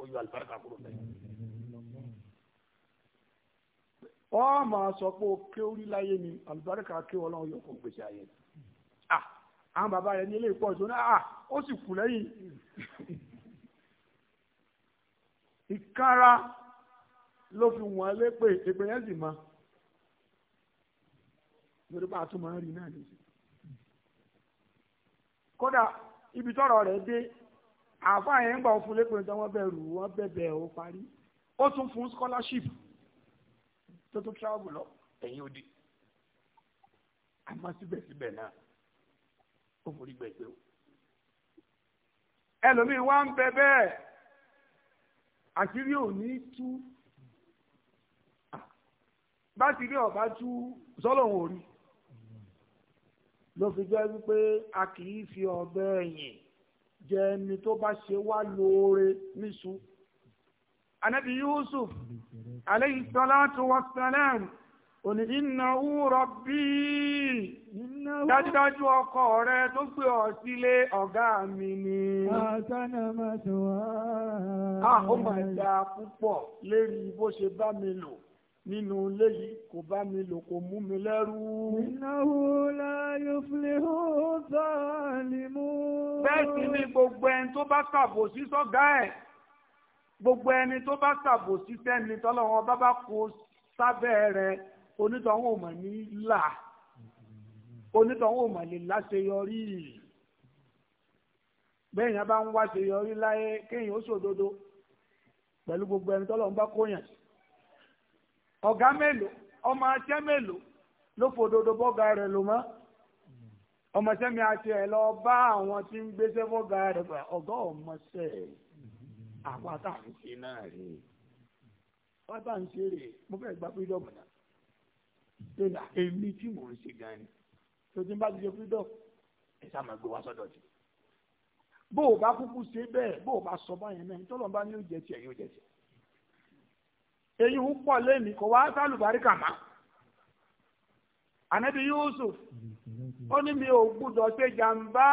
ọ ma sọ pé o ké orí ni àlùbáríkà ké ọlọ́run yóò fún gbèsè ayé àwọn bàbá rẹ ní ilé ìpọ̀ ìṣúná ó sì kù lẹ́yìn ìkára ló fi wọ́n lé pé èpè yẹn sì mọ́ lórí bá a tún máa ń rí náà ibi tọrọ rẹ dé yẹn ń fún wọ́n bẹ̀rù wọ́n bẹ̀bẹ̀ scholarship. tó tó travel lọ ẹ̀yìn odi àmọ́ síbẹ̀síbẹ̀ náà ó forí gbẹ̀gbẹ̀ o ẹlòmíín wá ń bẹ bẹ́ẹ̀ àṣírí ò ní tú bá ti rí ọ̀bá tú sọ́lọ́hún orí ló fi jẹ́ wípé a kì í fi ọ̀bẹ ẹ̀yìn jẹ ẹni tó bá ṣe wá lóore níṣu anabi yusuf alayhi salatu wa salam òní innahu rabbi dájúdájú ọkọ rẹ tó gbé ọ sílé ọ̀gá mi ni. àtànà máa tó wá. a ó máa da púpọ̀ lérí bó ṣe bá mi lò nínú ilé yìí kò bá mi lò kò mú mi lẹ́rú. innahu la yuflihu zalimun. bẹ́ẹ̀ sì ni gbogbo ẹni tó bá ṣàbòsí sọ́gá ẹ̀ gbogbo ẹni tó bá ṣàbòsí sẹ́ni tọ́lọ́wọ́n bá bá kó sábẹ́ rẹ̀ onítọ̀hún ò mọ̀ ní là onítọ̀hún ò mọ̀ lè láṣeyọrí bẹ́ẹ̀ yẹn bá ń wáṣeyọrí láyé kéèyàn ó ṣòdodo pẹ̀lú gbogbo ẹni tọ́lọ́wọ́n bá kó yàn ọ̀gá mélòó ọmọ aṣẹ́ mélòó ló fòdodo bọ́gà rẹ̀ lò mọ́ ọmọ aṣẹ́ mi àti ẹ̀ lọ bá àwọn tí ń gbéṣẹ́ bọ́gà rẹ̀ ọ̀gá ọmọ sẹ́ẹ̀ àwa tá à ń ṣe náà rè é wá bá ń ṣe rè é mo fẹ́ gba freedom náà lónìí àtẹ̀mí tí mò ń ṣe gan ni tó ti ń bá ti ṣe freedom ẹ̀ sá máa gbé wá sọ́dọ̀ ti bó o bá kúkú ṣe bẹ́ẹ̀ bó o bá sọ báyẹn náà tọ́lọ̀ bá ní ó jẹ tiẹ̀ yóò jẹ tiẹ̀ èyí pọ̀ lẹ́nu kò wá sálùbáríkà máa ànábi Yusuf ó ní mi ò gbúdọ̀ ṣe jàǹbá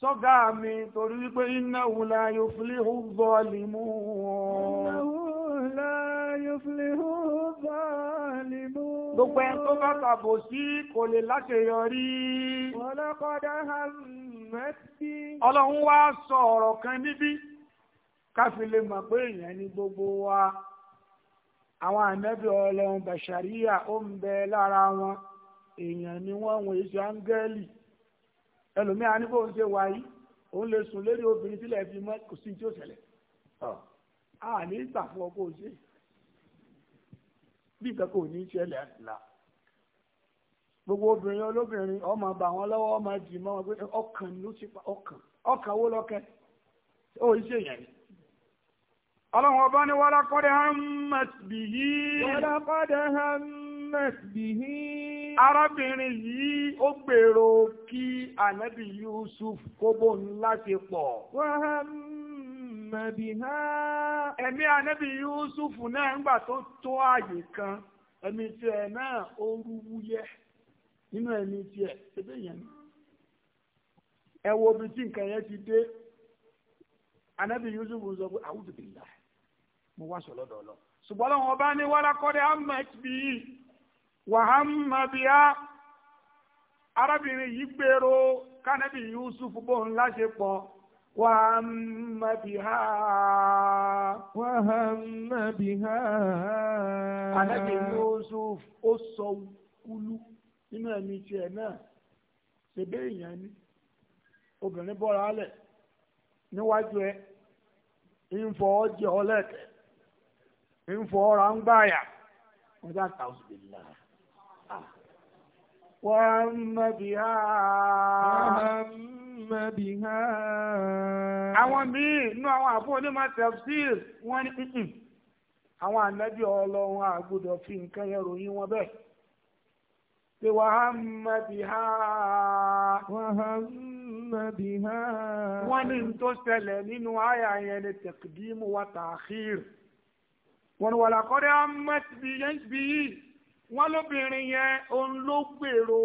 sọ́gá mi torí wípé iná wùlá yóò fìlé hù bọ́ọ̀lì mú wọn. iná wùlá yóò fìlé hù bọ́ọ̀lì mú wọn. gbogbo ẹni tó bá tàbò sí kò lè láṣeyọrí. ọlọ́kọ̀dá ọlọ́run wá sọ ọ̀rọ̀ kan níbí káfí lè mọ̀ pé èèyàn ní gbogbo wa àwọn ànábì ọlọ́run bàṣàríyà ó ń bẹ lára wọn èèyàn ni wọ́n wọ̀nyí ṣe áńgẹ́lì ẹlòmíì á ní bóun ṣe wá yìí òun lè sùn lérí obìnrin sílẹ̀ fi mọ́ kò sí tí ó ṣẹlẹ̀ a ní gbà fún ọ kó ṣe bí ìgbà kò ní ṣẹlẹ̀ là gbogbo obìnrin olóbìnrin ọmọ bà wọn lọ́wọ́ ọmọ jì mọ́ wọn pé ọkàn ló ti pa ọkàn ọkàn wo lọ́kẹ́ ó ṣe yẹn ọlọ́run ọba ni wọ́n lákọ́dẹ̀ hàn mẹ́tì bìyí. wọ́n lákọ́dẹ̀ hàn arábìnrin yìí ó gbèrò kí ànábì Yusuf kó bóun láti pọ̀. ẹ̀mí ànábì Yusuf náà ńgbà tó tó ààyè kan ẹ̀mí tiẹ̀ náà ó rúwúyẹ́ nínú ẹ̀mí tiẹ̀ ṣébí yẹn ẹ tí nǹkan yẹn ti dé ànábì Yusuf sọ pé àwùjọ bìlá mo wá sọ lọ́dọ̀ ọlọ́ ṣùgbọ́n lọ́wọ́ bá wàhámà bíyà arábìnrin yìí gbèrò kánẹ́bì yusuf bóun láṣepọ̀ wàhámà kánẹ́bì yusuf ó sọ kúlú nínú ẹ̀mí tiẹ̀ náà ṣèbé èèyàn ni obìnrin bọ́ra alẹ̀ níwájú ẹ̀ ń fọ ọ́ jẹ́ ọ lẹ́kẹ̀ẹ́ وهم بها وهم بها àwọn míì inú àwọn àfọwọ́ ní máa tafsir wọ́n ní àwọn ànábì ọlọ́run àgbọ́dọ̀ fi nǹkan yẹn ròyìn wọn bẹ́ẹ̀ pé وهم بها وهم بها wọ́n ní n tó ṣẹlẹ̀ nínú àyà yẹn ní taqdim wa ta'khir wọ́n ní wàlàkọ́rẹ́ àmọ́ ti bí yẹn bí yìí wọ́n lóbìnrin yẹn òun ló gbèrò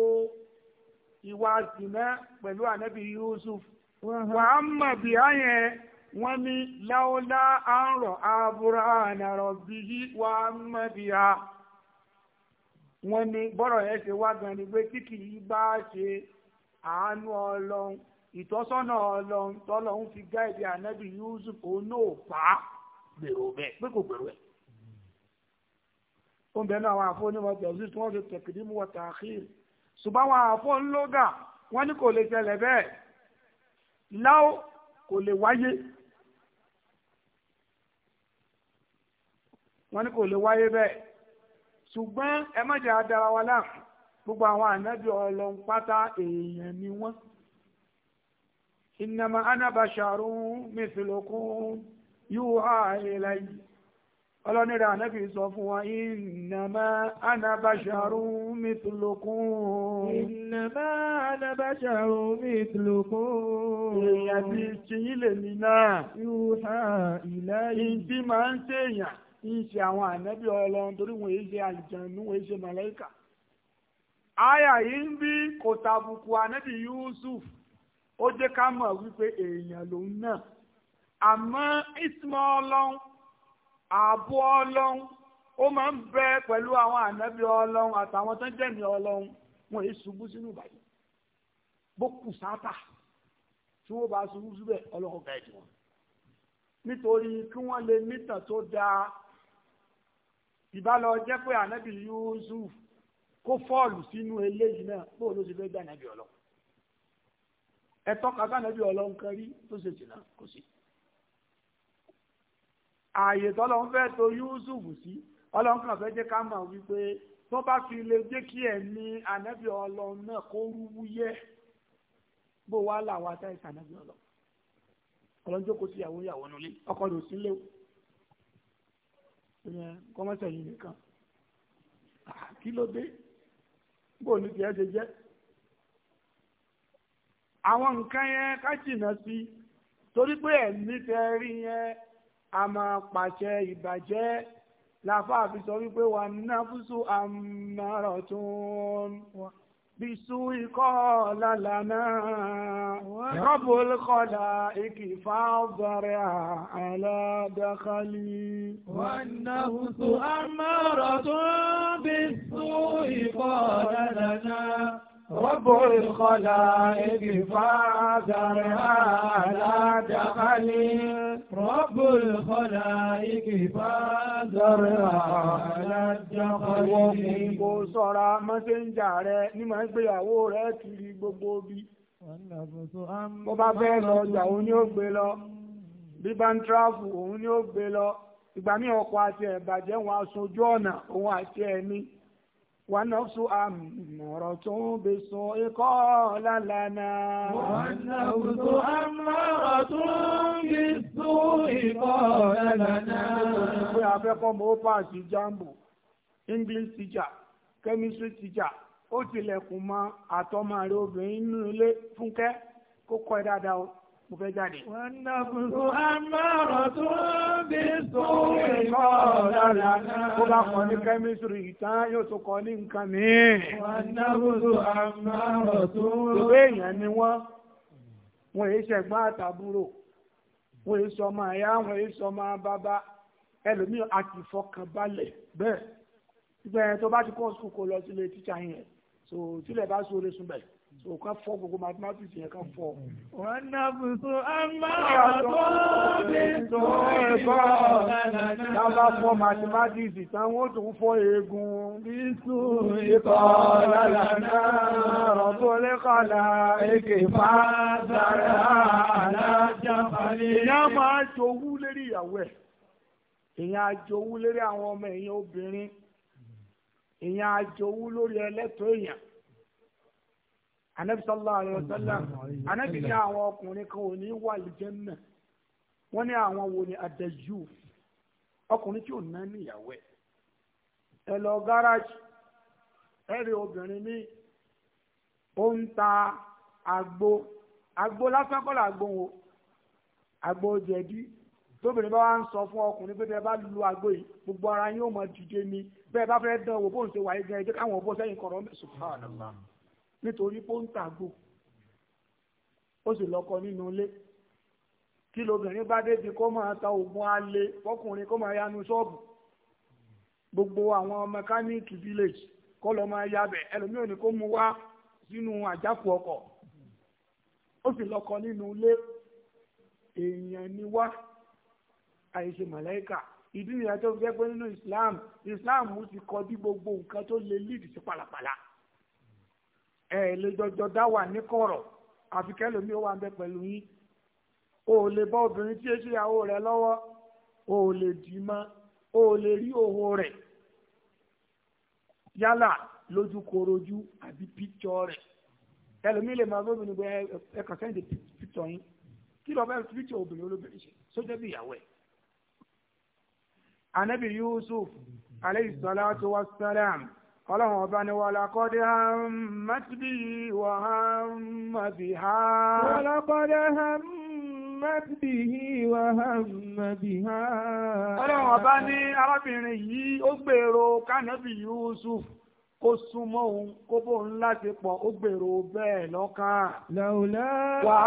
ìwà zina pẹ̀lú ànábì Yusuf uh-huh. wàhámà bí ayẹn wọ́n ní láọ́lá àárọ̀ àbúrò ànàrọ̀ bíi wàhámà bí a wọ́n ní bọ́rọ̀ yẹn ṣe wá gan ni pé tí kì í bá ṣe àánú ọlọ́run ìtọ́sọ́nà ọlọ́run tọ́lọ́run fi gáìdì ànábì Yusuf òun náà pa gbèrò bẹ́ẹ̀ pé kò gbèrò ẹ̀ ó ń bẹ náà àwọn àfọ onímọ̀ tẹ̀sí tí wọ́n fi tẹ̀kìdí mú wọ́n tààkìrì ṣùgbọ́n àwọn àfọ ńlọ́gà wọ́n ní kò lè ṣẹlẹ̀ bẹ́ẹ̀ láwọ́ kò lè wáyé wọ́n ní kò lè wáyé bẹ́ẹ̀ ṣùgbọ́n ẹ má jẹ́ adara wa láà gbogbo àwọn ànábì ọlọ́run pátá èèyàn ni wọ́n innama ana basharun mithlukum yuha ilayya ọlọ́nira ànábì sọ fún wa ìnàmá anábàṣàrú mìtìlókún. ìnàmá anábàṣàrú mìtìlókún. èèyàn ti ṣiyín lèmi náà. yóòhá ìlàyé. ìdí máa ń ṣèyàn ń ṣe àwọn ànábì ọlọ́run torí wọn èyí ṣe àjànú èyí ṣe màláìkà. àyà yìí ń bí kò tàbùkù ànábì Yusuf ó jẹ́ ká mọ̀ wípé èèyàn lòun náà àmọ́ ìsmọ́ ọlọ́run ààbò ọlọ́run ó máa ń bẹ pẹ̀lú àwọn ànábì ọlọ́run àtàwọn tó ń jẹ̀mí ọlọ́run wọn èyí ṣubú sínú ìbàjẹ́ bó kù sáátà tí wọ́n bá ṣubú síbẹ̀ ọlọ́run ká ẹ̀jẹ̀ wọn nítorí kí wọ́n lè nítàn tó dáa ìbálò jẹ́ pé ànábì Yusuf kó fọ́ọ̀lù sínú eléyìí náà bóun ló ti fẹ́ gbà ànábì ọlọ́run ẹ̀tọ́ kàkà ànábì ọlọ́run kan rí tó ṣe jìnnà kò sí ààyè tọ́lọ́ ń fẹ́ to Yusuf sí ọlọ́run kan fẹ́ jẹ́ ká mọ̀ wípé tó bá fi lè jẹ́ kí ẹ̀mí ànábì ọlọ́run náà kó rúwú yẹ bó wá làwọn àtàìsí ànábì ọlọ́run ọlọ́run jókòó sí ìyàwó ìyàwó nulẹ̀ ọkọ rẹ̀ ò sí léwu kọ́mọ́sẹ̀ yìí nìkan kí ló dé bó ní tiẹ̀ ṣe jẹ́ àwọn nǹkan yẹn ká jìnnà sí torí pé ẹ̀mí tẹ rí yẹn a máa pàṣẹ ìbàjẹ́ láfáà fi sọ wípé wà náfúsù àmàrọ̀ tó ń bisu ikọ́ lálànà rọ́bùl kọ́lá ìkìfà ọ̀bẹ̀rẹ̀ aládàkálì. wà náfúsù àmàrọ̀ tó ń bisu ikọ́ lálànà. رب الخلائق فاذرها لا تخلي رب الخلائق فاذرها على الجحر وفي بصرى مسنجا rẹ ní máa ń gbéyàwó rẹ kiri gbogbo bí. bó bá fẹ́ lọ ọjà òun ni ó gbé lọ bí bá ń tíráfù òun ni ó gbé lọ ìgbà míì ọkọ̀ àti ẹ̀bàjẹ́ wọn aṣojú ọ̀nà òun àti ẹ̀mí. ونفس أمارة بالسوء قال لنا ونفس أمارة بالسوء قال لنا pé afẹ́kọ́ mọ́ pàṣẹ jambo English teacher chemistry teacher ó tilẹ̀kùn mọ́ àtọ́mọ́ rẹ̀ obìnrin nínú ilé fúnkẹ́ kó kọ́ ẹ dáadáa o mo fẹ́ jáde. wọ́n ná bùrù àmọ́ràn tó ń bí sóòrè kọ́ lára náà. ó bá kọ́ ní kẹ́mísírì ìtàn yóò tó kọ́ ní nǹkan míì. wọ́n ná bùrù àmọ́ràn tó ń. ìwé èèyàn ni wọ́n wọ́n èyí ṣẹ̀gbọ́n àtàbúrò wọ́n èyí sọmọ àyà wọ́n èyí sọmọ bàbá ẹlòmíì àti ìfọkànbalẹ̀ bẹ́ẹ̀ ìgbà yẹn tó bá ti kọ́ sùkúl kó lọ sílé tíṣà yẹn so tílẹ̀ bá sóore sùn bẹ́ẹ̀ so ká fọ gbogbo mathematics yẹn ká fọ. wọn náà fún so àmà àtọ́bí tó ẹ̀kọ́ ká bá fọ mathematics táwọn tó ń fọ eegun. bísú ikọ̀ lálàná rọ̀bọ̀lẹ́ kọ̀lá èké fà sára alájàpálí. ìyá máa jowú lérí ìyàwó ẹ̀ ìyá jowú lérí àwọn ọmọ ẹ̀yìn obìnrin ìyá jowú lórí ẹlẹ́tọ̀ọ́ èèyàn anabi sallallahu alayhi wa sallam anabi ní àwọn ọkùnrin kan ò ní wà lìjẹ́nà wọ́n ní àwọn wo ni adẹ́jú ọkùnrin tí ò ná níyàwó ẹ̀ ẹ lọ gáràjì ẹ rí obìnrin ní ó ń ta àgbo àgbo lásán kọ́ là àgbo wọn àgbo jẹ̀dí tóbìnrin bá wá ń sọ fún ọkùnrin pé bẹ́ẹ̀ bá lu àgbo yìí gbogbo ara yín ó mọ dìde ni bẹ́ẹ̀ bá fẹ́ dán owó bóun ṣe wáyé gan ẹjẹ́ káwọn ọbọ̀ sẹ́yìn kọ̀ọ̀rọ̀ mẹ́sàn-án nítorí pé ó ń tàgbò ó sì lọ́kọ nínú ilé kí lobìnrin bá débi kó máa ta oògùn alẹ́ fọkùnrin kó máa yanu ṣọ́ọ̀bù gbogbo àwọn mẹkáníìkì village kọ́ lọ́ máa yabẹ̀ ẹlòmíràn ni kó mu wá sínú àjákù ọkọ̀ ó sì lọ́kọ nínú ilé èèyàn ni wá àìṣe màláíkà ìdí nìyẹn tó fi jẹ́ pé nínú Islam Islam ti kọjú gbogbo nǹkan tó lè lead sí pàlàpàlà ẹ lè jọjọ dá wà ní kọ̀rọ̀ àfi kẹlòmí ó wà ń bẹ pẹ̀lú yín o ò lè bá obìnrin tí èsì ìyàwó rẹ lọ́wọ́ o ò lè dì í mọ́ o ò lè rí òwò rẹ̀ yálà lójú korojú àbí píkṣọ rẹ̀ ẹlòmí lè máa bóbi nígbà ẹ kàn sẹ́yìn dé píkṣọ yín kí lọ́ọ́ bẹ́ẹ̀ píkṣọ obìnrin olóbìnrin ṣe sójú bí ìyàwó ẹ̀. anabi yusuf aleyhi salatu wa salam. ọlọ́run ọba ni wàlá kọ́dé ha ń ha ń mẹ́bí ha. wàlá kọ́dé ha ń mẹ́tìbí ha ń mẹ́bí ha. ọlọ́run ọba ní arábìnrin yìí ó gbèrò kánẹ́bì Yusuf kó súnmọ́ òun kó bó ń láti pọ̀ ó gbèrò wà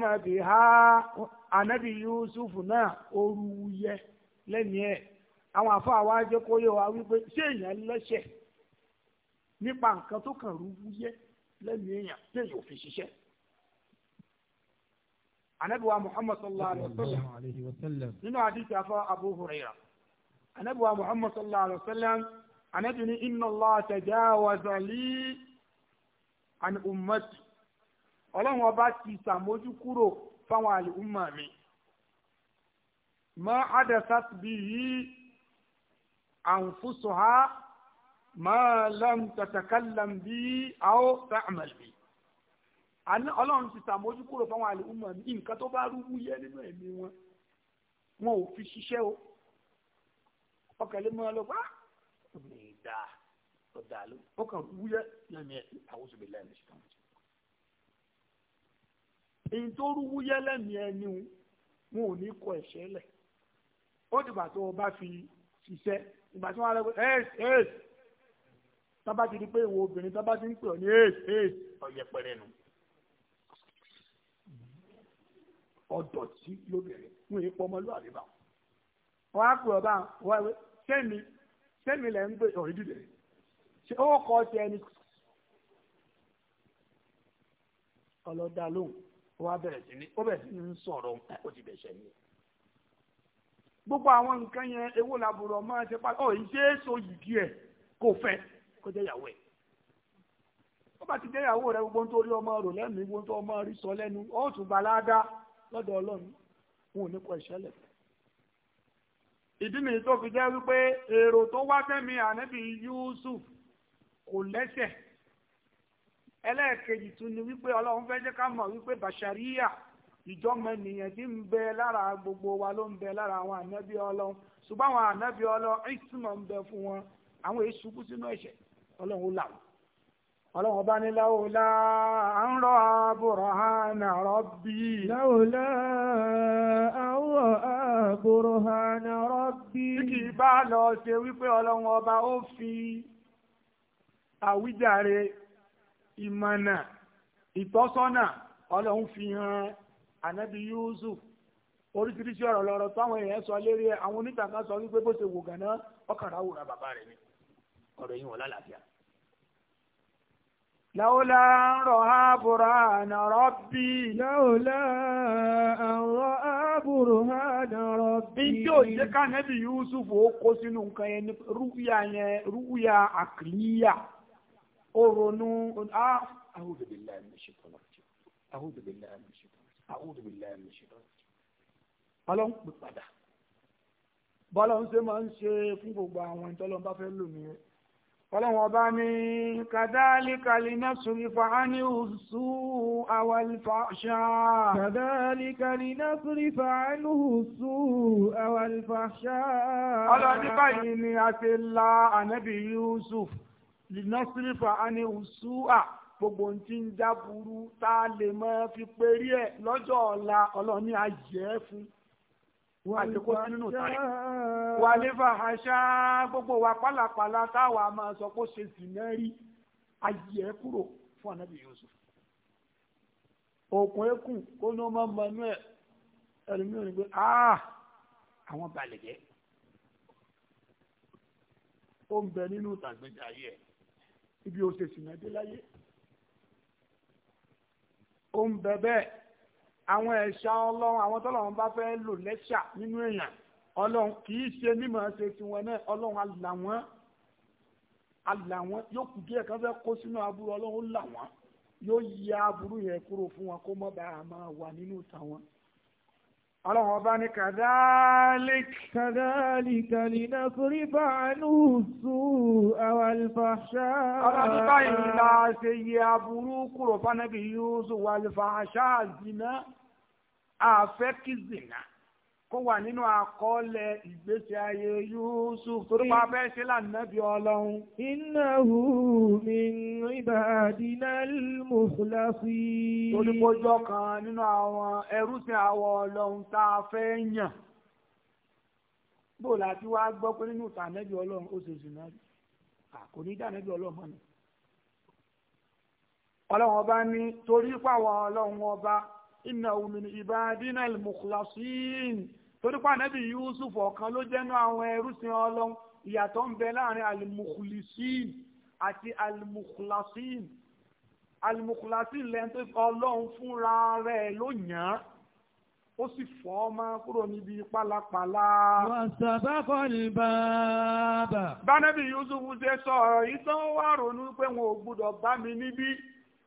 mẹ́bí ha Yusuf náà yẹ ẹ̀ àwọn àfọ kó yẹ wa wípé ṣé èèyàn lẹ́sẹ̀. nípa nǹkan tó kàn rú wúyẹ́ lẹ́nu èèyàn tí èèyàn ò fi ṣiṣẹ́. anabiwa muhammad sallallahu alayhi wa sallam nínú àdìsí afọ abu huraira anabiwa muhammad sallallahu alayhi wa sallam anabi ni inna allah tajawaza li an ummati ọlọ́run ọba ti ṣàmójú kúrò fáwọn àlùmọ mi ma adasat bihi anfusuha ma lam tatakallam bi aw ta'mal bi àní ọlọ́run ti sàmójú kúrò fáwọn àlùmọ̀ ní nǹkan tó bá rúgbú yẹ nínú ẹ̀mí wọn wọn ò fi ṣiṣẹ́ o ọkàlẹ́ mọ́ ọlọ́pàá ọ̀gbìn ah, ìdá ọ̀dà ló ọkàn rúgbú yẹ lẹ́nu ẹ̀ àwọn oṣù bẹ̀rẹ̀ lẹ́nu ṣùgbọ́n. èyí tó rúgbú yẹ ẹni wọn ò ní kọ ẹ̀ṣẹ̀ lẹ̀ ó dìgbà tó o bá fi ṣiṣẹ́ ìgbà tí wọ́n á lọ pé tọ́ba ti di pé ìwọ obìnrin tọ́ba ti ń pè ọ́ ní èèsì èèsì ọ̀yẹ̀pẹrẹ nù ọ̀dọ̀tí lóbìnrin fún èèpọ̀ ọmọlúwàbí bá wọn á pè ọba wọn ẹwẹ sẹ́mi sẹ́mi lẹ́ ń gbé ọ̀rí dìde ṣé ó kọ́ ti ẹni ọlọ́dà lóhùn ó wá bẹ̀rẹ̀ sí ní ó bẹ̀rẹ̀ sí ní ń sọ̀rọ̀ ó ti bẹ̀ sẹ́yìn gbogbo àwọn nǹkan yẹn ewu làbùrọ̀ máa ṣe pàtó ọ̀ so yìí díẹ̀ kò fẹ́ kó jẹ́ ìyàwó ẹ̀ ó bá ti jẹ́ ìyàwó rẹ gbogbo nítorí ọmọ rò lẹ́nu gbogbo nítorí ọmọ rí sọ lẹ́nu ó tún gba láàdá lọ́dọ̀ ọlọ́run wọn ò fi jẹ́ wípé èrò tó wá fẹ́mi ànábì Yusuf kò lẹ́sẹ̀ ẹlẹ́ẹ̀kejì tún ni wípé ọlọ́run fẹ́ wípé bàṣàríyà ènìyàn tí ń bẹ gbogbo wa ló ń bẹ àwọn ànábì ọlọ́run ṣùgbọ́n àwọn ànábì ọlọ́run bẹ fún wọn àwọn sínú ẹ̀ṣẹ̀ ọlọ́run ó là wọ́n ọlọ́run ọba ní láwùlá ń rọ burhana rabbi. láwùlá àwọ̀ burhana rabbi. bí kì í bá lọ ṣe wípé ọlọ́run ọba ó fi àwíjàre ìmọ̀nà ìtọ́sọ́nà ọlọ́run fi hàn ànábì Yusuf oríṣiríṣi ọ̀rọ̀ lọ́rọ̀ táwọn èèyàn sọ lérí àwọn onítàkà sọ wípé bó ṣe wò gànà ọkàn ráwùrà bàbá rẹ̀ ni. ọ̀rọ̀ yìí wọ́n lálàáfíà. Láwọ́lá ń rọ̀ ábùrà nàrọ̀ bí. Láwọ́lá ń rọ̀ ábùrà nàrọ̀ bí. Bí yóò jẹ́ ká nẹ́bí Yusuf ó kó sínú nǹkan yẹn rúkúyà yẹn rúkúyà àkìlíyà. Ó ronú á. A'udhu billahi minash shaitanir rajim. A'udhu billahi minash shaitanir rajim. A'udhu billahi Bọ́lá ń pè padà. Bọ́lá ń ṣe máa ń ṣe fún gbogbo àwọn ìtọ́lọ́mbáfẹ́ lónìí ọlọ́run ọba ní kàdálíkà línàṣùrífà á ní òṣù àwàlìfàṣà. kàdálíkà línàṣùrífà á ní òṣù àwàlìfàṣà. ọlọ́run báyìí ni a ti la ànábì Yusuf línàṣùrífà á ní òṣù à gbogbo ń ti ń dá tá a lè mọ fi perí ẹ lọ́jọ́ ọ̀la ọlọ́run àjẹ́ fún un àjẹkó sínú tàrí. wàlífà àṣà gbogbo wa pálapàla táwa máa sọ pé ó ṣe sì náà rí ayé ẹ kúrò fún ànábì Yusuf. òkun ekun kó ní ọmọ mọnú ẹ ẹlòmíràn gbé ah, àwọn balẹ̀ jẹ́ ó ń bẹ nínú ìtàgbẹ́jà ayé ẹ̀ ibi òṣèṣì náà dé láyé ó ń bẹ bẹ́ẹ̀ àwọn ẹ̀ṣà ọlọ́run àwọn tọ́lọ́run bá fẹ́ lò lẹ́ṣà nínú èèyàn ọlọ́run kì í ṣe mímọ̀ ṣe tiwọn náà ọlọ́run àlà wọn àlà wọn yóò kù díẹ̀ kan fẹ́ kó sínú aburú ọlọ́run ó là yóò yẹ aburú yẹn kúrò fún wọn kó mọ́ bá a máa wà nínú tàwọn ọlọ́run ọba ní kàdálík. kàdálík àlìna sórí fàánù sù àwọn alifàṣà. ọlọ́run báyìí la ṣe yẹ aburú kúrò fánàbí Yusuf alifàṣà zina àfẹ́kí zina kó wà nínú àkọọ́lẹ̀ ìgbésí ayé Yusuf torí pa bẹ́ẹ̀ ṣe lànàbí ọlọ́run. innahu min ibadina al-mukhlasin. olùkójọ kan nínú àwọn ẹrúsìn àwọn ọlọ́run tá a fẹ́ yàn. bó láti wá gbọ́ pé nínú ìtànẹ́bí ọlọ́run ó ṣe ṣùnà kò ní dànẹ́bí ọlọ́run mọ́ni. ọlọ́run ọba ní torí pàwọn ọlọ́run ọba innahu min ibadina al-mukhlasin torípa ànábì Yusuf ọ̀kan ló jẹ́nu àwọn ẹrúsìn Ọlọ́run ìyàtọ̀ ń bẹ láàrin alimukulisin àti alimukulasin alimukulasin lẹ́nu tó Ọlọ́run fúnra rẹ̀ ló yàn án ó sì fọ́ ọmọ kúrò níbi pálapàla. wọ́n sàbákọ̀ bàbà. bánẹ́bí Yusuf ṣe sọ̀rọ̀ yìí tán ronú pé wọn ò gbúdọ̀ bá mi níbí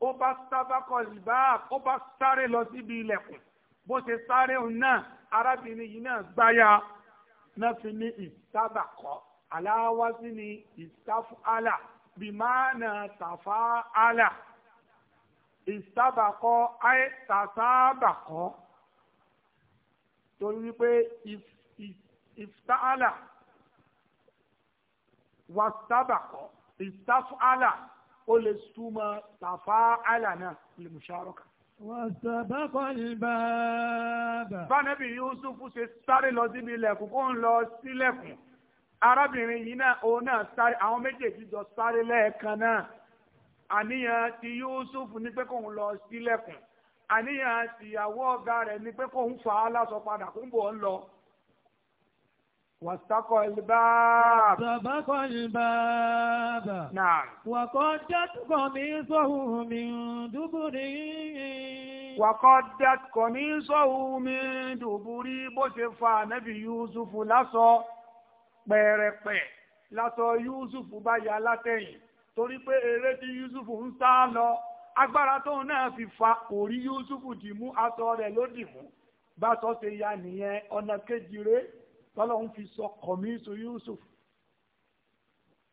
ó bá sábákọ̀ ní bàbà ó bá sáré lọ síbi ilẹ̀kùn bó ṣe sáré òun náà arábìnrin yìí náà gbáyà náà fi ní ìsábàkọ́ aláwásí ni ìsáfàlà bìmánà tàfàálà ìsábàkọ́ ayé tàsábàkọ́ torí wípé ìfàálà wàsábàkọ́ ìsáfàlà ó lè súnmọ́ tàfàálà náà lè mú ṣàrọ̀kà. Wọ̀sàbákọ̀ ìbáàbà. Bánẹ́bì Yusufu ṣe sáré lọ síbi ilẹ̀kùn kó ń lọ sílẹ̀kùn. Arábìnrin yìí náà òun náà sáré àwọn méjèèjì jọ sáré lẹ́ẹ̀kan náà. Àníyàn ti Yúsúfù ní pé kóun lọ sílẹ̀kùn. Àníyàn tìyàwó ọ̀gá rẹ̀ ní pé kóun fà á lásọ kó ń bọ̀ ń lọ. واستقى الباب سبق الباب نعم وقدت قميصه من دبر وقدت قميصه من دبر bó ṣe fa Ànábì Yusuf láṣọ pẹ̀rẹ̀pẹ̀ láṣọ Yusuf ya látẹ̀yìn torí pé eré tí Yusuf ń sá lọ agbára tóun náà fi fa orí Yusuf dì mú aṣọ rẹ̀ ló mú bá aṣọ ṣe ya nìyẹn ọ̀nà kejì rèé tọ́lọ̀ ń fi sọ kọ̀míṣù Yusuf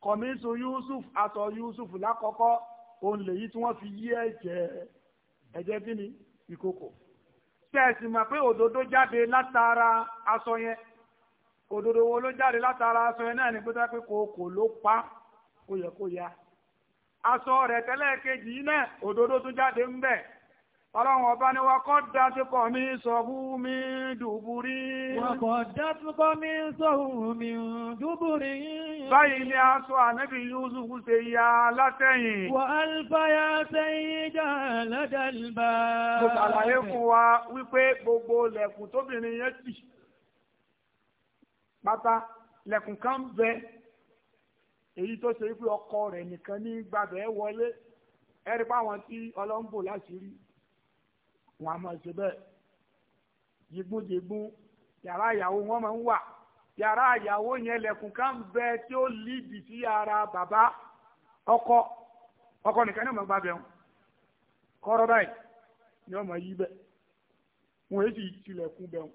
kọ̀míṣù Yusuf aṣọ Yusuf lákọ́kọ́ òun lèyí tí wọ́n fi yí ẹ̀jẹ̀ ni mọ̀ pé òdodo jáde látara aṣọ yẹn òdodo wo ló jáde látara aṣọ yẹn náà ní pẹ́tà pé kòkò ló pa kó yẹ aṣọ rẹ̀ tẹ́lẹ̀ kejì náà òdodo tún jáde ń bẹ̀ Ọlọ́run ọba ni wakọ́ dátúkọ̀ mi sọ̀hú mi dùbúrí. Wakọ̀ dátúkọ̀ mi sọ̀hú mi dùbúrí. Báyìí ni a sọ ànábì Yusuf ṣe ya látẹ̀yìn. Wà alfáyà sẹ́yìn jà ládàlbà. Mo ṣàlàyé fún wa wípé gbogbo lẹ̀kùn tóbìnrin yẹn tì. Pátá lẹ̀kùn kan bẹ èyí tó ṣe wípé ọkọ rẹ̀ nìkan ní gbàgbẹ́ wọlé. Ẹ rí pé àwọn tí bò láṣìírí wọn a máa ṣe bẹ́ẹ̀ jigunjigun yàrá ìyàwó wọn máa ń wà yàrá ìyàwó yẹn lẹ̀kùn kan bẹ tí ó lídìí sí ara bàbá ọkọ ọkọ nìkan ní ọmọ gbà bẹ̀rù kọ́rọ́ báyìí ni ọmọ yí bẹ́ẹ̀ wọn èyí sì tilẹ̀kùn bẹ̀rù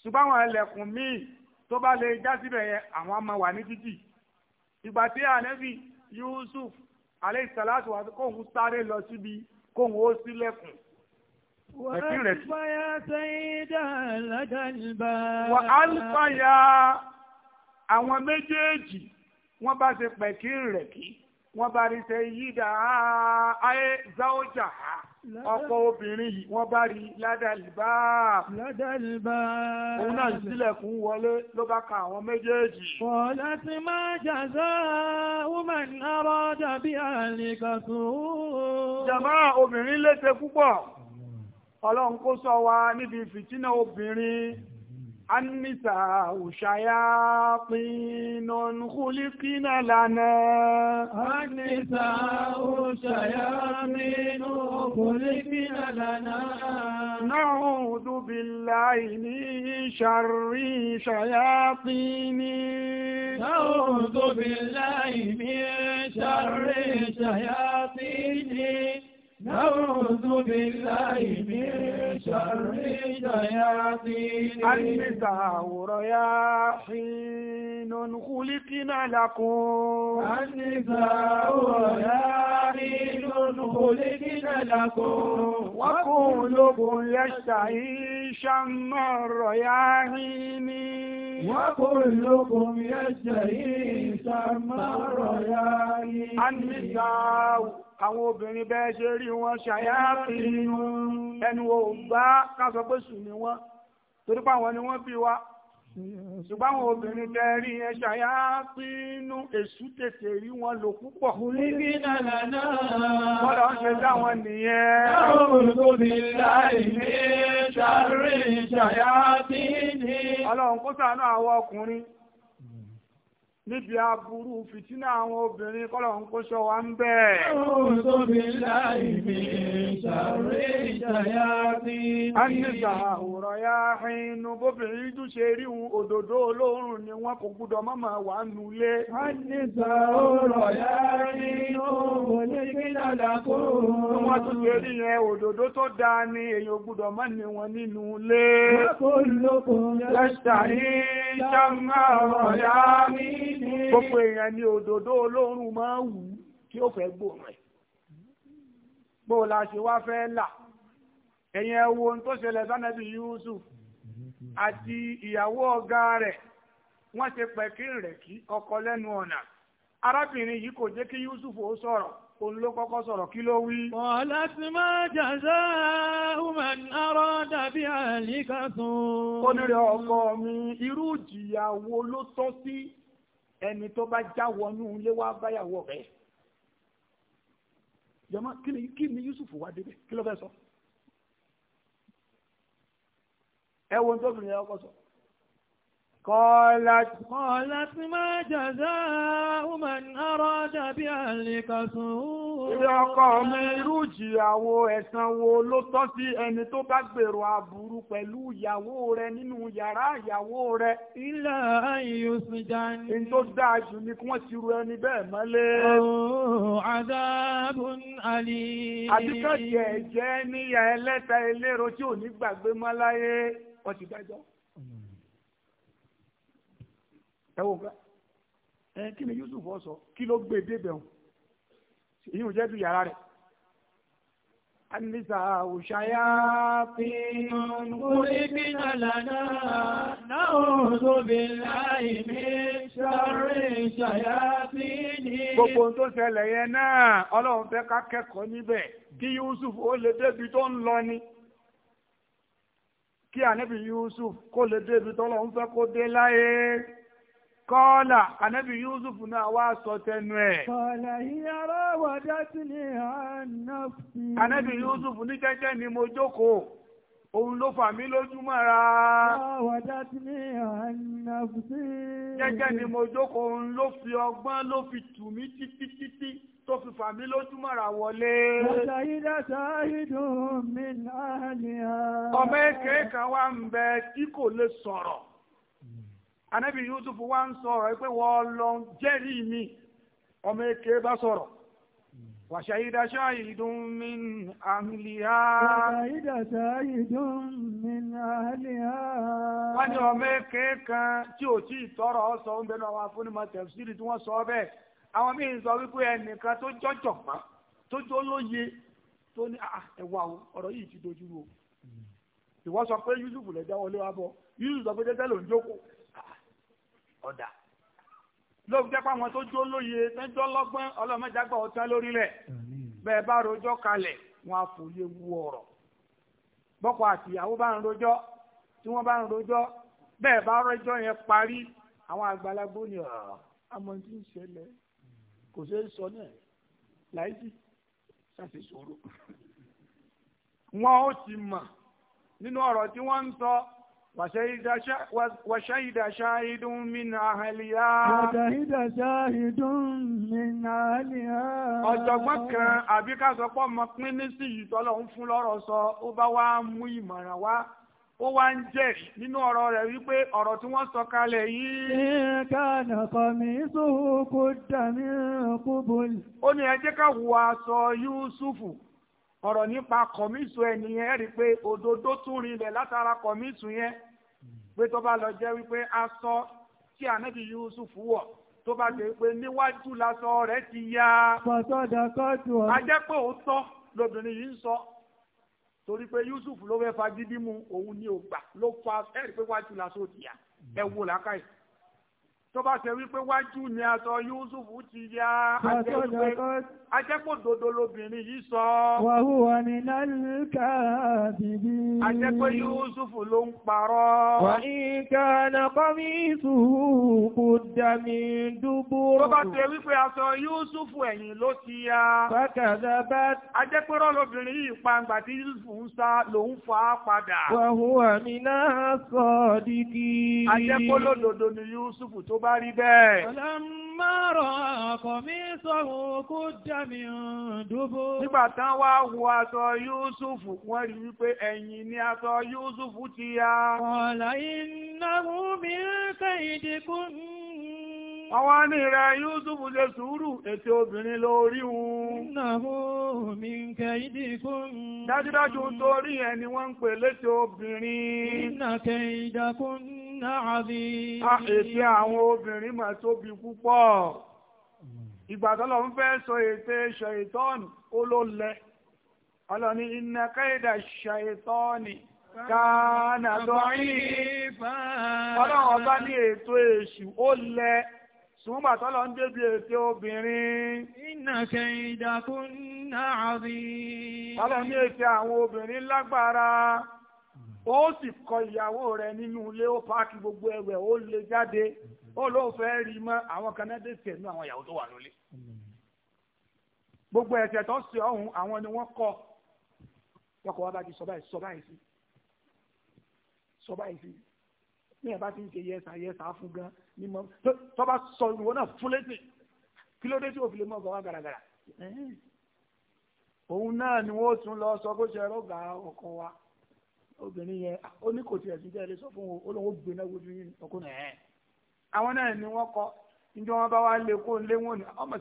ṣùgbọ́n àwọn ẹlẹ́kùn míì tó bá lè já síbẹ̀ yẹn àwọn máa wà ní títì ìgbà tí ànẹ́bí Yusuf aleyhisalatu wa kóhun sáré lọ síbi kóhun ó sílẹ̀kùn. Wà alifaya sayida ladalba. Wà alifaya àwọn méjèèjì wọ́n bá ṣe pẹ̀kí rẹ̀ kí wọ́n bá rí sayida ayé záwọ́jà ha ọkọ obìnrin yìí wọ́n bá rí ládàlìbá ládàlìbá òun náà sílẹ̀kùn wọlé ló bá ka àwọn méjèèjì. wọ́lá ti máa jàzá woman arọ́ dàbí àlìkàtù. jàmá obìnrin léṣe púpọ̀ ọlọ́run kó ṣọ́ wa níbi fìtínà obìnrin. النساء شياطين خلقنا لنا النساء شياطين خلقنا لنا نعوذ بالله من شر شياطين نعوذ بالله من شر شياطين نعوذ بالله من شر شياطين النساء رياحين خلقنا لكم النساء رياحين خلقنا لكم وقلوب يشتهي شمر يا الرياحين وكلكم يشتهي شمر يا الرياحين النساء àwọn obìnrin bẹ́ẹ̀ ṣe rí wọn ṣàyáàfì ẹnu ò bá kásọ pé sùn ni wọ́n torí pé àwọn ni wọ́n bí wa ṣùgbọ́n àwọn obìnrin tẹ́ rí yẹn ṣàyáàfì inú èṣù tètè rí wọn lò púpọ̀. orí nàlà náà wọ́n lọ ṣe dáwọn nìyẹn. táwọn olùkóbi láì ní ṣàárẹ̀ ṣàyáàfì ní. ọlọ́run kó ṣàánú àwọn ọkùnrin níbi aburú fìtínà àwọn obìnrin kọ́lọ̀ ń kó ṣọ́ wa ń bẹ̀. Ọ̀run tó bí láì ọ̀yà ẹnu bóbìnrin dùn ṣe ríhun òdòdó olóòórùn ni wọ́n kò gbúdọ̀ mọ́mọ́ wà nù lé. wọ́n ti sọ ọ̀rọ̀ yá nínú onígbìnàdà kó. wọ́n tún ṣe rí yẹn òdòdó tó dáa ni èèyàn gbúdọ̀ mọ́ ni wọ́n nínú lé. Gbogbo èèyàn ni òdòdó olóòórùn máa ń wù kí ó fẹ́ gbòòrùn ẹ̀. Bó o la ṣe wá fẹ́ là. ẹ̀yin ẹ wo tó ṣẹlẹ̀ sánẹ́bí Yusuf àti ìyàwó ọ̀gá rẹ̀ wọ́n ṣe pẹ̀kí rẹ̀ kí ọkọ lẹ́nu ọ̀nà arábìnrin yìí kò jẹ́ kí Yusuf ó sọ̀rọ̀ òun ló kọ́kọ́ sọ̀rọ̀ kí ló wí. ọ̀la ti máa jàzá human ọkọ mi irú ló tọ́ sí ẹni tó bá ilé wá báyàwó ẹ wo tó bìnrin ọkọ sọ. قالت قالت ما جزاء من أراد بأهلك سوءا Ilé ọkọ mi irú ìjìyàwó ẹ̀san wo ló tọ́ sí ẹni tó bá gbèrò aburú pẹ̀lú ìyàwó rẹ nínú yàrá ìyàwó rẹ. Ilé ayò sùdán. Ní tó dáa jù ni kí wọ́n ti ru ẹni bẹ́ẹ̀ mọ́lé. Ọ̀hún Adábùn Àlì. Àbíkẹ́ jẹ́ ẹ̀jẹ̀ níyà ẹlẹ́ta elérò tí ò ní gbàgbé mọ́ wọ́n ti dájọ́ ẹ wò ká ẹ kí ni Yusuf ọ sọ kí ló gbé débẹ̀ o èyí ò jẹ́ tu yàrá rẹ̀ anisa òṣàyà fi orí na nàlànà náà tó bí láì ní sáré ìṣàyà fi ní. gbogbo tó ṣẹlẹ̀ yẹn náà ọlọ́run fẹ́ ká kẹ́kọ̀ọ́ níbẹ̀ kí Yusuf ó lè débi tó ń lọ ni kí ànábì yusuf kó lè dé ibi tọ́lọ́ ń fẹ́ kó dé láyé kọ́ọ̀là ànábì yusuf náà wá sọ tẹnu ẹ̀. kọ́ọ̀là ìyàrá wàdá sí ni ànábì. ànábì yusuf ní jẹ́jẹ́ ni mo jókòó. Òun ló fà mí lójú mọ́ra. Àwọ̀dá ni mo jókòó, òun ló fi ọgbọ́n ló fi tù mí títí títí tó fi fà mí lójú mọ́ra wọlé. Ọmọ èké kan wá ń bẹ tí kò lè Yusuf wá ń sọ̀rọ̀ pé wọ́n lọ jẹ́rìí mi. Ọmọ bá sọ̀rọ̀. وشهد شاهد من أهلها وشهد شاهد من أهلها wọ́n ní ọmọ ẹ̀kẹ́ kan tí ò tí ì tọrọ ọ sọ ń bẹnu àwọn afúnimọ̀ tẹ̀síìrì tí wọ́n sọ bẹ́ẹ̀ àwọn míì sọ wípé ẹnìkan tó jọ̀jọ̀gbọ́n tó jó lóye tó ní ah, ẹ̀wà ọ̀rọ̀ yìí ti dojú o ìwọ sọ pé Yusuf lè jáwọ́ lé wa bọ̀ Yusuf lóògùn jẹ́ pàwọn tó jó lóye tẹ́jọ́ lọ́gbọ́n ọlọ́mọdégbà ọ̀tán lórílẹ̀ bẹ́ẹ̀ bá rojọ́ kalẹ̀ wọn á fòye wu ọ̀rọ̀ bọ́kọ àtìyàwó bá ń rojọ́ tí wọ́n bá ń rojọ́ bẹ́ẹ̀ bá rojọ́ yẹn parí àwọn àgbàlagbó ni àmọ́ tí ń ṣẹlẹ̀ kò ṣeé sọ náà láìsí ṣàṣìṣòro <laughs> wọn ó ti mọ̀ nínú ọ̀rọ̀ tí wọ́n ń sọ وشهد شاهد من أهلها وشهد شاهد من أهلها ọ̀jọ̀gbọ́n kan àbí ká sọ pé ọmọ pín ní sí yìí tọ́lọ̀ ń fún lọ́rọ̀ sọ ó bá wá mú ìmọ̀ràn wá ń jẹ́rìí nínú ọ̀rọ̀ rẹ̀ wípé ọ̀rọ̀ tí wọ́n sọ kalẹ̀ yìí. ìkànnà kọ̀mí sóhùn kó dà ní kúbọ̀lì. ó ní ẹ ká wo aṣọ Yúsùfù ọ̀rọ̀ nípa kọ̀mísù ẹni yẹn rí i pé òdodo tún rinlẹ̀ látara kọ̀mísù yẹn pé tó bá lọ jẹ́ wípé aṣọ tí ànábì Yusuf wọ̀ tó bá lè pé níwájú láṣọ rẹ̀ ti ya. pọ̀tọ́dà kọ́ọ̀tù ọ̀rọ̀. ajẹ́ pé òótọ́ lobìnrin yìí ń sọ torí pé Yusuf ló fẹ́ fagídí mu òun ni ò gbà ló fa ẹ̀rí pé wájú láṣọ ti ya ẹ wo làákàyè tó bá ṣe wípé wájú ni aṣọ Yúsùfù ti ya ajẹ́pọ̀ dodo lobìnrin yìí sọ. wàhù wà ní lálùkà bìbí. ajẹ́pẹ́ Yusuf ló ń parọ́. wà ní kànáà kọ́mí sùúrù kò dàmí dúbò. tó bá ṣe wípé aṣọ Yúsùfù ẹ̀yìn ló ti ya. bákàtà bá. ajẹ́pẹ́ rọ́lọ́bìnrin yìí pa àgbà tí Yúsùfù ń sá ló ń fà padà. wàhù ní náà sọ̀ọ́dí kí. lódodo ni Yúsùfù tó bá rí bẹ́ẹ̀. ọ̀làmọ́rọ̀ ọkọ̀ mi sọ̀rọ̀ kó dà mí dúbò. nígbà tán wá wo aṣọ Yúsùfù wọ́n rí wípé ẹ̀yìn ni aṣọ Yúsùfù ti ya. ọ̀là ìnáwó mi ń kẹ́ ìdínkù wọ́n wá ní rẹ̀ Yúsùfù ṣe sùúrù ètò obìnrin lórí wọn. Nàhó mi kẹ́ìdì kún. Dájúdájú torí ẹ̀ ni wọ́n ń pè létò obìnrin. Nà kẹ́ìdà kún náà bí. A ètè àwọn obìnrin mà tóbi púpọ̀. Ìgbà tọ́lọ̀ ń fẹ́ sọ ète ṣàìtọ́nì ó ló lẹ. Ọlọ́ni iná kẹ́ìdà ṣàìtọ́nì káànà lọ́rí. Ọlọ́run ọba ní ètò èṣù ó lẹ. Súnmọ́ àtọ́lọ ń débi ètò obìnrin. Inna kaydakunna azim. Ọlọ́ ní ètò àwọn obìnrin lágbára. Ó sì kọ ìyàwó rẹ̀ nínú ilé ó páàkì gbogbo ẹ̀wẹ̀ ó lè jáde. Ó lóun fẹ́ rí mọ́ àwọn Kanadé tẹ̀lú àwọn ìyàwó tó wà lólé. Gbogbo ẹ̀sẹ̀ tó ṣe ọ̀hún àwọn ni wọ́n kọ. Wọ́n kọ̀ wá bá ti sọ báyìí sọ báyìí sí. Sọ báyìí sí. ní ẹ̀ bá ti ń ṣe yẹsà yẹsà fún gan ni mọ tó sọ ìwọ náà fún létí kí ló dé tí òfin lè mọ̀ gan wá gàràgàrà òun náà ni tún lọ sọ bó ṣe rọ́gà ọkọ wa obìnrin yẹn ó ní kò tiẹ̀ sí jẹ́ ilé sọ fún wọn ó wojú yín ni wọ́n kọ níjọ́ wọn bá kó lé wọn ni ọmọ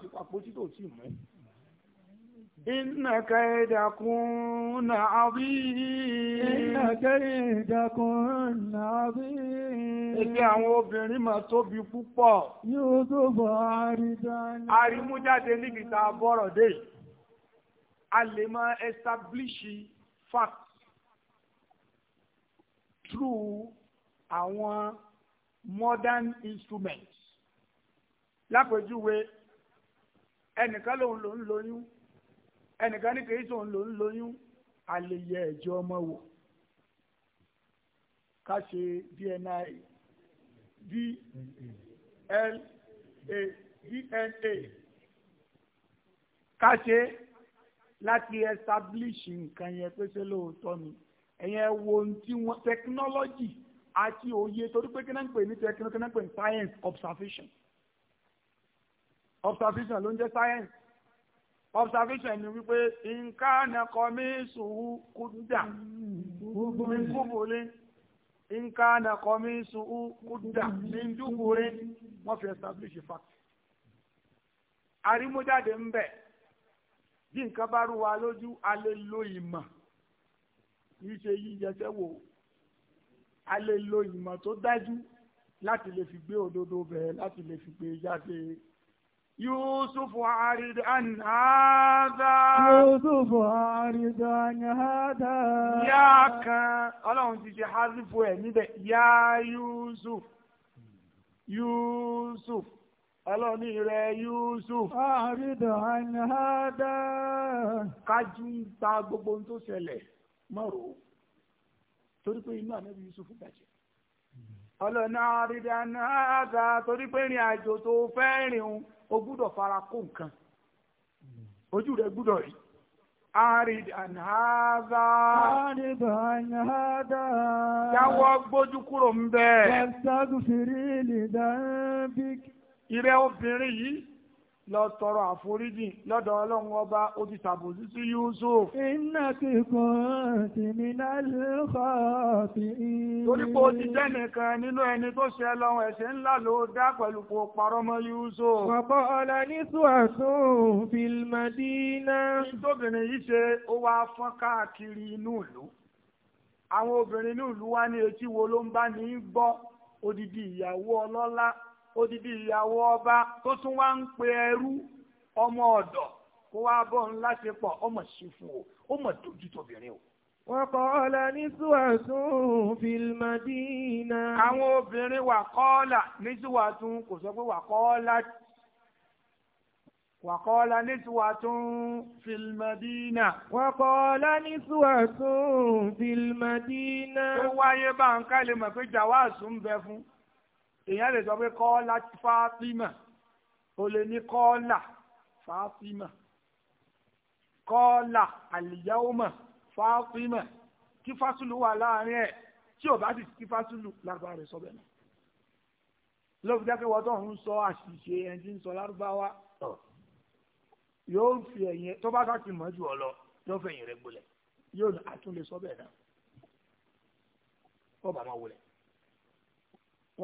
إن كيدكن عظيم إن كيدكن عظيم Ilé àwọn obìnrin mà tóbi púpọ̀. Yóò tó bọ̀ àrídáni. Àrímújáde níbi tá a bọ́rọ̀ dé. A lè máa establish fact through àwọn modern instruments. Lápèjúwe, ẹnìkan lòun lòun lóyún ẹnìkan ní kìí sòun ló ń lóyún àlèyé ẹ̀jẹ̀ ọmọ wò ká ṣe DNA DNA ká ṣe láti establish nǹkan yẹn pé ṣé lóòótọ́ ni ẹ̀yẹn wo ohun tí technology àti òye torí pé kí náà ń pè ní technology kí náà ń pè ní science observation observation ló ń jẹ́ science observation ni wípé nǹkan ẹ̀kọ́ mi sùúrù kúdà kúbùlé nǹkan ẹ̀kọ́ mi sùúrù kúdà ní dúkúrẹ́ wọ́n fi establish fact. àrímújáde ń bẹ bí nǹkan bá rú wa lójú a lè lo ìmọ̀ kì í ṣe yíyẹsẹ́ wò a lè ìmọ̀ tó dájú láti lè fi gbé òdodo bẹ̀ láti lè fi gbé jáde. يوسف عارض عن هذا يوسف عارض عن هذا يا كان ọlọ́run ti ṣe hazifu ẹ̀ níbẹ̀ ya yusuf yusuf ọlọ́ni rẹ̀ yusuf àrídà àni hádà kájú ń ta gbogbo ohun tó ṣẹlẹ̀ mọ́rò torí pé inú ànábi yusuf bàjẹ́ ọlọ́ni àrídà àni hádà torí pé ìrìn àjò tó fẹ́ rìn un o gbúdọ̀ fara kó nǹkan hmm. ojú rẹ gbúdọ̀ rí. Arid and Haza. Arid and Haza. Yàwọ́ gbójú kúrò ń bẹ́ẹ̀. Wàtàgùfèrè obìnrin yìí lọ tọrọ àforíjì lọ́dọ̀ ọlọ́run ọba ó ti ṣàbòsí sí Yusuf. iná kíkan tèmi lálùkọ́ ti ń. torí pé ó ti jẹ́ nìkan nínú ẹni tó ṣe lọ́wọ́ ẹ̀ṣẹ̀ ńlá ló dá pẹ̀lú kó parọ́ mọ́ Yusuf. bàbá ọ̀la ní suwasun filimadina. tóbìnrin yìí ṣe ó wá fọ́n káàkiri inú ìlú àwọn obìnrin ní ìlú wa ní etí wo ló ń bá ní í gbọ́ odidi ìyàwó ọlọ́lá odidi ìyàwó ọba tó tún wá ń pe ẹrú ọmọ ọ̀dọ̀ kó wá bọ̀ ń láṣepọ̀ ọmọ sí fún o ó mọ̀ dojú tóbìnrin o. wọ́n kọ́ ọ́lá ní ṣùwàtún fìlmàdínà. àwọn obìnrin wà kọ́ọ́là ní ṣùwàtún kò sọ pé wà kọ́ọ́là وقال نسوة في المدينة وقال نسوة ó wáyé bá ń mọ̀ pé jàwá bẹ fún èèyàn lè sọ pé kọ́ọ́lá fátímà o lè ní kọ́ọ́là fátímà kọ́ọ́là àlìyáwómà fátímà kí fásúlù wà láàrin ẹ̀ tí ò bá sì kí fásúlù lágbára rẹ̀ sọ bẹ́ẹ̀ náà lóòótọ́ jẹ́ pé wọ́n tó ń sọ àṣìṣe ẹni tí ń sọ lárúbáwá yóò fi ẹ̀yìn tó bá sáti mọ̀ jù ọ lọ yóò fẹ̀yìn rẹ̀ gbolẹ̀ yóò àtúnlẹ̀ sọ náà ó bàá máa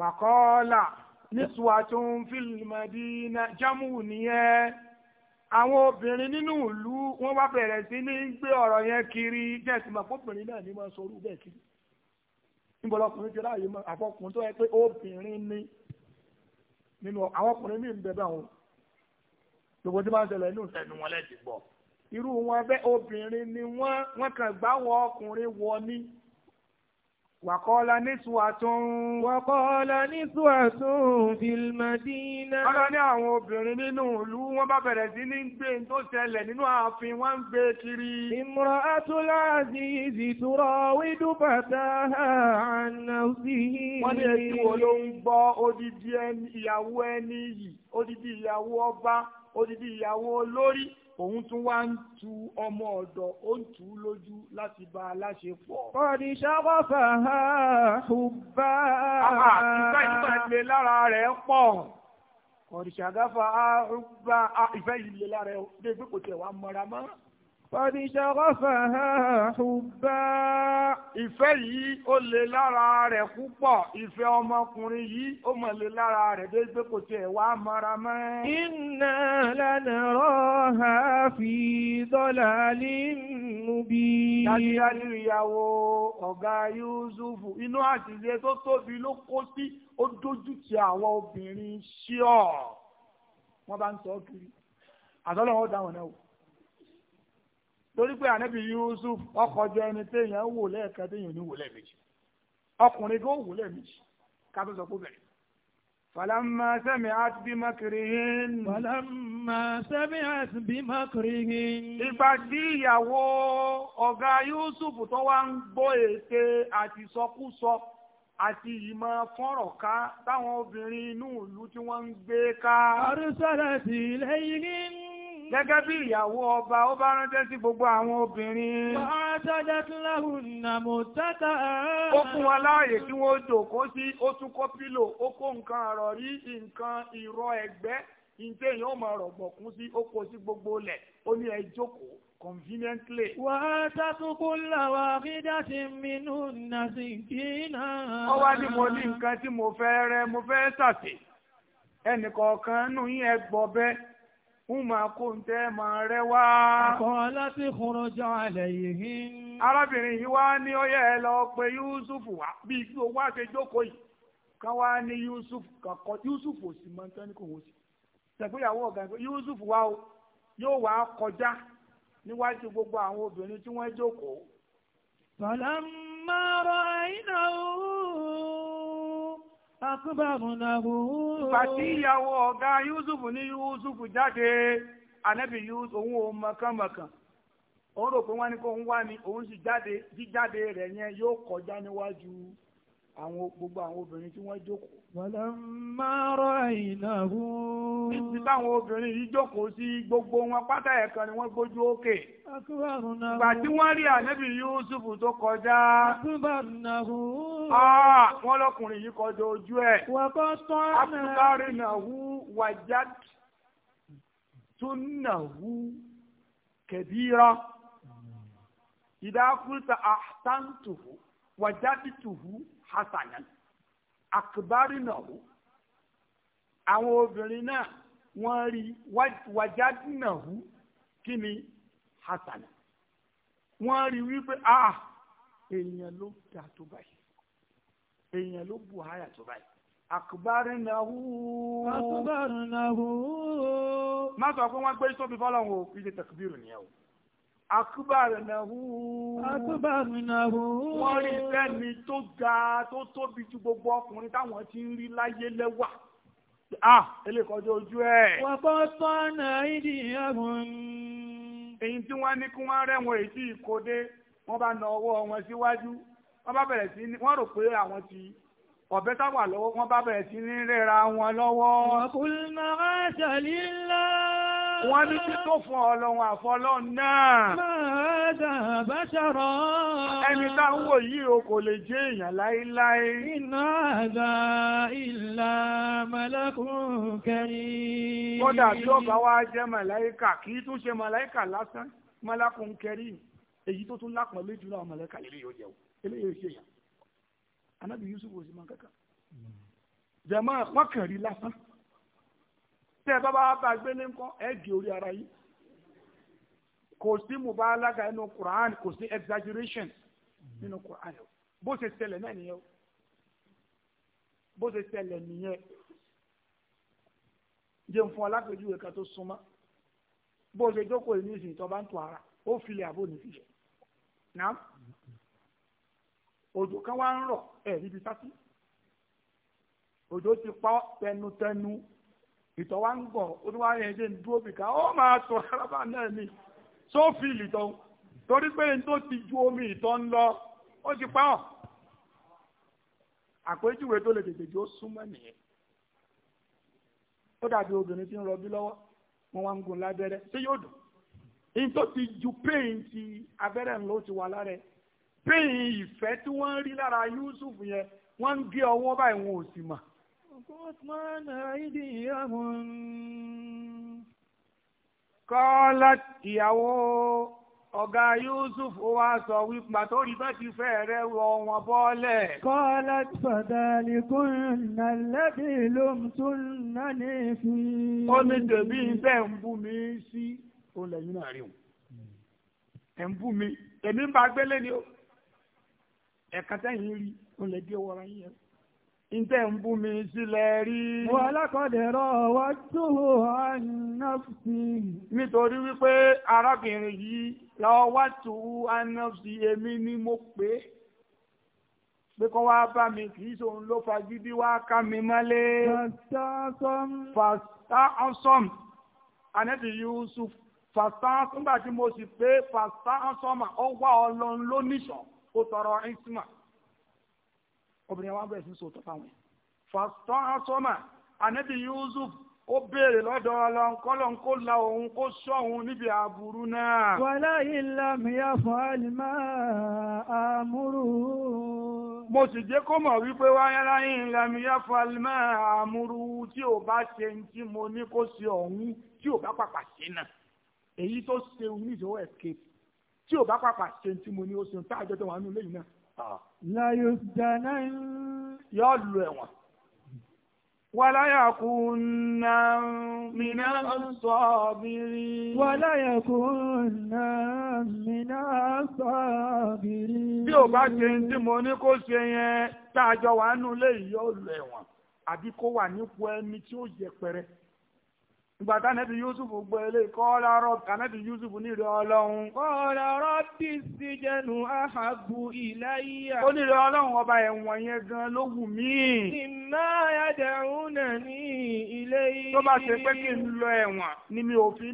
wàkọ́ọ́là nísùwàtún fílmàdínà jámù nìyẹn àwọn obìnrin nínú ìlú wọn bá bẹ̀rẹ̀ sí ní gbé ọ̀rọ̀ yẹn kiri jẹ́sì máa fọ́bìnrin náà ní máa sọrú bẹ́ẹ̀ kiri níbo lọkùnrin ti ráàyè mọ àfọkùnrin tó yẹ pé obìnrin ní nínú àwọn ọkùnrin míì ń bẹ báwọn gbogbo tí bá ń ṣẹlẹ̀ inú ìfẹ́ ni wọ́n lẹ́ẹ̀dì gbọ́ irú wọn bẹ́ẹ̀ obìnrin ni wọ́n kàn gbá ọkùnrin wọ ní Wàkọ́ọ́lá nísùwà tún. Wàkọ́ọ́lá nísùwà tún fìlmàdínà. Ọlọ́ ní àwọn obìnrin nínú ìlú wọ́n bá bẹ̀rẹ̀ sí ní gbé tó ṣẹlẹ̀ nínú ààfin wọ́n ń gbé kiri. Ìmọ̀ra Atúláàzì ìzìtúrọ̀ wídú bàtà ànàfí. Wọ́n ní ẹ̀sùn olóńgbọ́ odidi òun tún wá ń tu ọmọ ọ̀dọ̀ ó ń tù ú lójú láti bá a láṣepọ̀. kọ́ni ṣàkóso ha ṣùgbà. àmà ìfẹ́ ìfẹ́ ìlé lára rẹ̀ ń pọ̀. kọ́ni ṣàgáfà ìfẹ́ ìlé lára rẹ̀ débi kò tẹ̀ wá mọ́ra mọ́. Fọ́dí ṣọ́gọ́fà ṣùgbà. Ìfẹ́ yìí ó lè lára rẹ̀ púpọ̀. Ìfẹ́ ọmọkùnrin yìí ó mọ̀ lè lára rẹ̀ dé pé kò tiẹ̀ wá mara mọ́. Iná lẹ́nu rọ́ha fi dọ́là ní nùbí. Dájúdájú ìyàwó ọ̀gá Yúsúfù inú àtìlẹ́ tó tóbi ló kó sí ó dójú ti àwọn obìnrin ṣíọ̀. Wọ́n bá ń sọ kiri. Àtọ́lọ́wọ́ dáhùn náà wò torí pé ànábì Yusuf ọkọjọ ẹni téèyàn wò lẹ́ẹ̀kan téèyàn ní wò lẹ́ẹ̀mejì ọkùnrin tó wò lẹ́ẹ̀mejì ká tó sọ pé bẹ̀rẹ̀. فلما سمعت بمكرهن فلما سمعت بمكرهن ìgbà tí ìyàwó ọ̀gá Yusuf tó wá ń gbọ́ ète àti sọkúsọ àti ìmọ̀ fọ́nrọ̀ ká táwọn obìnrin inú ìlú tí wọ́n ń gbé ká. أرسلت إليهن Gẹ́gẹ́ bí ìyàwó ọba, ó bá ránṣẹ́ sí gbogbo àwọn obìnrin. Ó fún wa láàyè kí wọ́n jòkó sí, ó tún kó pílò, ó kó nǹkan àrọ̀ rí nǹkan ìrọ̀ ẹ̀gbẹ́, ìjẹ́ èèyàn máa rọ̀gbọ̀kún sí, ó kó sí gbogbo lẹ̀, ó ní ẹ conveniently. Wà á tàtúkú làwà àfídàtí mínú nàṣì dínà. Ó wá ní mo ní nǹkan tí mo fẹ́ rẹ, mo fẹ́ sàṣì. Ẹnìkọ̀ọ̀kan nù yín ẹ gbọ́ bẹ́ẹ̀. Uma kó ń tẹ́ máa rẹwà. Àkọ́ láti kúrò jọ àlẹ̀ yìí. Arábìnrin yìí wá ní ọyẹ́ ẹ lọ pé yusuf wá bí kí o wá ṣe yìí. Kan wá ní yusuf kankan Yúsùfù ò sì máa ń kò sí. ọ̀gá wá o yóò gbogbo àwọn obìnrin tí wọ́n jókòó. Akúbàmùnàwò. Ìgbà tí ìyàwó ọ̀gá Yúsùfù ní Yúsùfù jáde, ànẹ́bì Yúsùfù òun ò mọ̀kànmọ̀kàn. Òun rò pé wọ́n ní kó ń wá ni, òun sì jáde, jíjáde rẹ̀ yẹn yóò kọjá níwájú àwọn gbogbo àwọn obìnrin tí wọ́n jókòó. wàlá máa rọ ìlà hù. títí táwọn obìnrin yìí jókòó sí gbogbo wọn pátá ẹ̀kan ni wọ́n gbójú òkè. akúbàrún náà. ìgbà tí wọ́n rí ànábì Yusuf tó kọjá. akúbàrún náà hù. wọ́n lọkùnrin yìí kọjá ojú ẹ̀. wàkọ́ tán náà. akúbàrún náà hù wàjá tún náà hù kẹ̀bíra. ìdákùtà àtàntùhù wàjá tìtùhù hasanan akbarinahu àwọn obìnrin náà wọ́n rí wajadinahu kí ni hasanan wọ́n rí wípé ah èèyàn ló dà tó báyìí èèyàn ló bu àyà tó báyìí akbarinahu akbarinahu má sọ pé wọ́n gbé sóbi fọ́lọ́hún o kì í nìyẹn o. Akúbàrìnàhú. Akúbàrìnàhú. Wọ́n rí lẹ́ni tó ga tó tóbi ju gbogbo ọkùnrin táwọn ti ń rí láyé lẹ́wà. Ah, elékọjọ́ ojú ẹ̀. Wọ́n bọ́ sọ́nà ìdí ẹ̀hún. Èyí tí wọ́n ní kí wọ́n rẹ̀wọ̀n èdè ìkódé, wọ́n bá na ọwọ́ wọn síwájú. Wọ́n bá bẹ̀rẹ̀ sí ní, wọ́n rò pé àwọn ti ọ̀bẹ táwà lọ́wọ́, wọ́n bá bẹ̀rẹ̀ sí ní rẹ́ra wọn lọ́wọ́. Ọ̀kùnrin náà wọ́n ní tí tó fún ọlọ́run àfọlọ́run náà. máa dà bá ẹni tá wò yìí o kò lè jẹ́ èèyàn láéláé. iná àgbà ìlà màlákùn kẹrin. kódà tí ó bá wá jẹ́ màláìkà kì í tún ṣe màláìkà lásán màlákùn kẹrin èyí tó tún lápọn lójú náà màláìkà lè yóò jẹun eléyìí ṣe yàn. anábì Yusuf ò sì máa kankan. Hmm. jẹ̀mọ́ ẹ̀pọ́n kẹrin lásán tẹ́ ẹ bá bá bá gbé ní nǹkan ẹ di orí ara yìí kò sí mubalaga nínú Quran kò sí exaggeration nínú Quran o bó ṣe ṣẹlẹ̀ náà nìyẹn o bó ṣe ṣẹlẹ̀ nìyẹn jẹun fún alápèjúwe kan tó súnmọ́ bó ṣe jókòó yìí ní ìsìn tó bá ń tọ́ ara ó filẹ̀ àbò nífìyẹ náà òjò kan wá ń rọ̀ ẹ̀ níbi sásì òjò ti pa tẹnutẹnu ìtọ̀ wa ń gbọ̀ oníwárí ẹ̀jẹ̀ ń dúró bìkà ó máa tọ̀ arábà náà ni sófìlì tó torí pé n tó ti ju omi ìtọ̀ ń lọ ó ti pa ọ́ àpèjúwe tó lè tètè jó súnmọ́ nìyẹn ó dàbí obìnrin tí ń rọbí lọ́wọ́ wọ́n wá ń gun lábẹ́rẹ́ ṣé yóò dùn n tó ti ju péyìn ti abẹ́rẹ́ ńlọ ti wà lára ẹ̀ péyìn ìfẹ́ tí wọ́n rí lára Yusuf yẹn wọ́n ń gé ọwọ́ báyìí wọn ò sì mọ̀ قطمان أيديهن قالت ìyàwó ọ̀gá Yusuf wa sọ wípa tó rí bá ti fẹ́ rẹ̀ wọ wọn bọ́ọ̀lẹ̀. قالت فذلكن الذي لمتنني فيه. ó ní tèmi bẹ́ẹ̀ ń bú mi sí òun lẹ́yìn náà rí wọn bú mi èmi ń bá gbélé ni ó ẹ̀ka táyìn rí òun lè dé wọ́ra yín yẹn. Ìtẹ́ ń bú mi sílẹ̀ rí. Wọ́n alákọ̀dẹ̀rọ̀ wá tó ànáfsì. Nítorí wípé arábìnrin yìí lọ wá tó ànáfsì èmi ni mo pè é. Pé kọ́ wá bá mi kì í ṣòun ló fagídí wá ká mi mọ́lé. Fàtàsọ́m. Fàtàsọ́m. Anẹ́bí Yusuf. Fàtàsọ́m. Nígbà tí mo sì pé fàtàsọ́m, ó wá ọlọ́run lóníṣàn, ó tọrọ ìsìmà obìnrin wa bẹ̀rẹ̀ sí sòótọ́ fáwọn ẹ̀ fàtọ́ asọ́mà anabi yusuf ó béèrè lọ́dọ̀ ọlọ́nkọ́lọ́ kó la òun kó sọ òun níbi àbúrú náà. wàlá yìí lámìyá fún àlìmá àmúrù. mo sì jẹ́ kó mọ̀ wípé wáyára yìí lámìyá fún àlìmá àmúrù tí ò bá ṣe ń tí mo ní kó ṣe ọ̀hún tí ò bá pàpà ṣe náà èyí tó ṣe òun níjọ́ escape tí ò bá pàpà ṣe ń tí mo ní ó ṣe ń tá àjọjọ wà nínú lẹ́yìn náà láyò dáná yóò lu ẹ̀wọ̀n. Wàlá yà kú nà mìnà sọ̀bìrì. Wàlá yà kú nà mìnà sọ̀bìrì. Bí ò bá ṣe ń tí mo ní kó ṣe yẹn, táàjọ wà nù lè yóò lu ẹ̀wọ̀n, àbí kó wà nípò ẹni tí ó yẹpẹrẹ. gbata tánẹ́bí yusuf gbọ́ ilé kọ́ọ́lá rọ́bì tánẹ́bí yusuf nílẹ̀ ọlọ́run. kọ́ọ́lá rọ́bì sí jẹnu ahabu ọba ẹ̀wọ̀n gan ló wù mi ìmọ̀ ayájẹun ní ilé yìí. tó bá ṣe pé kí n lọ ẹ̀wọ̀n ni mi ò fi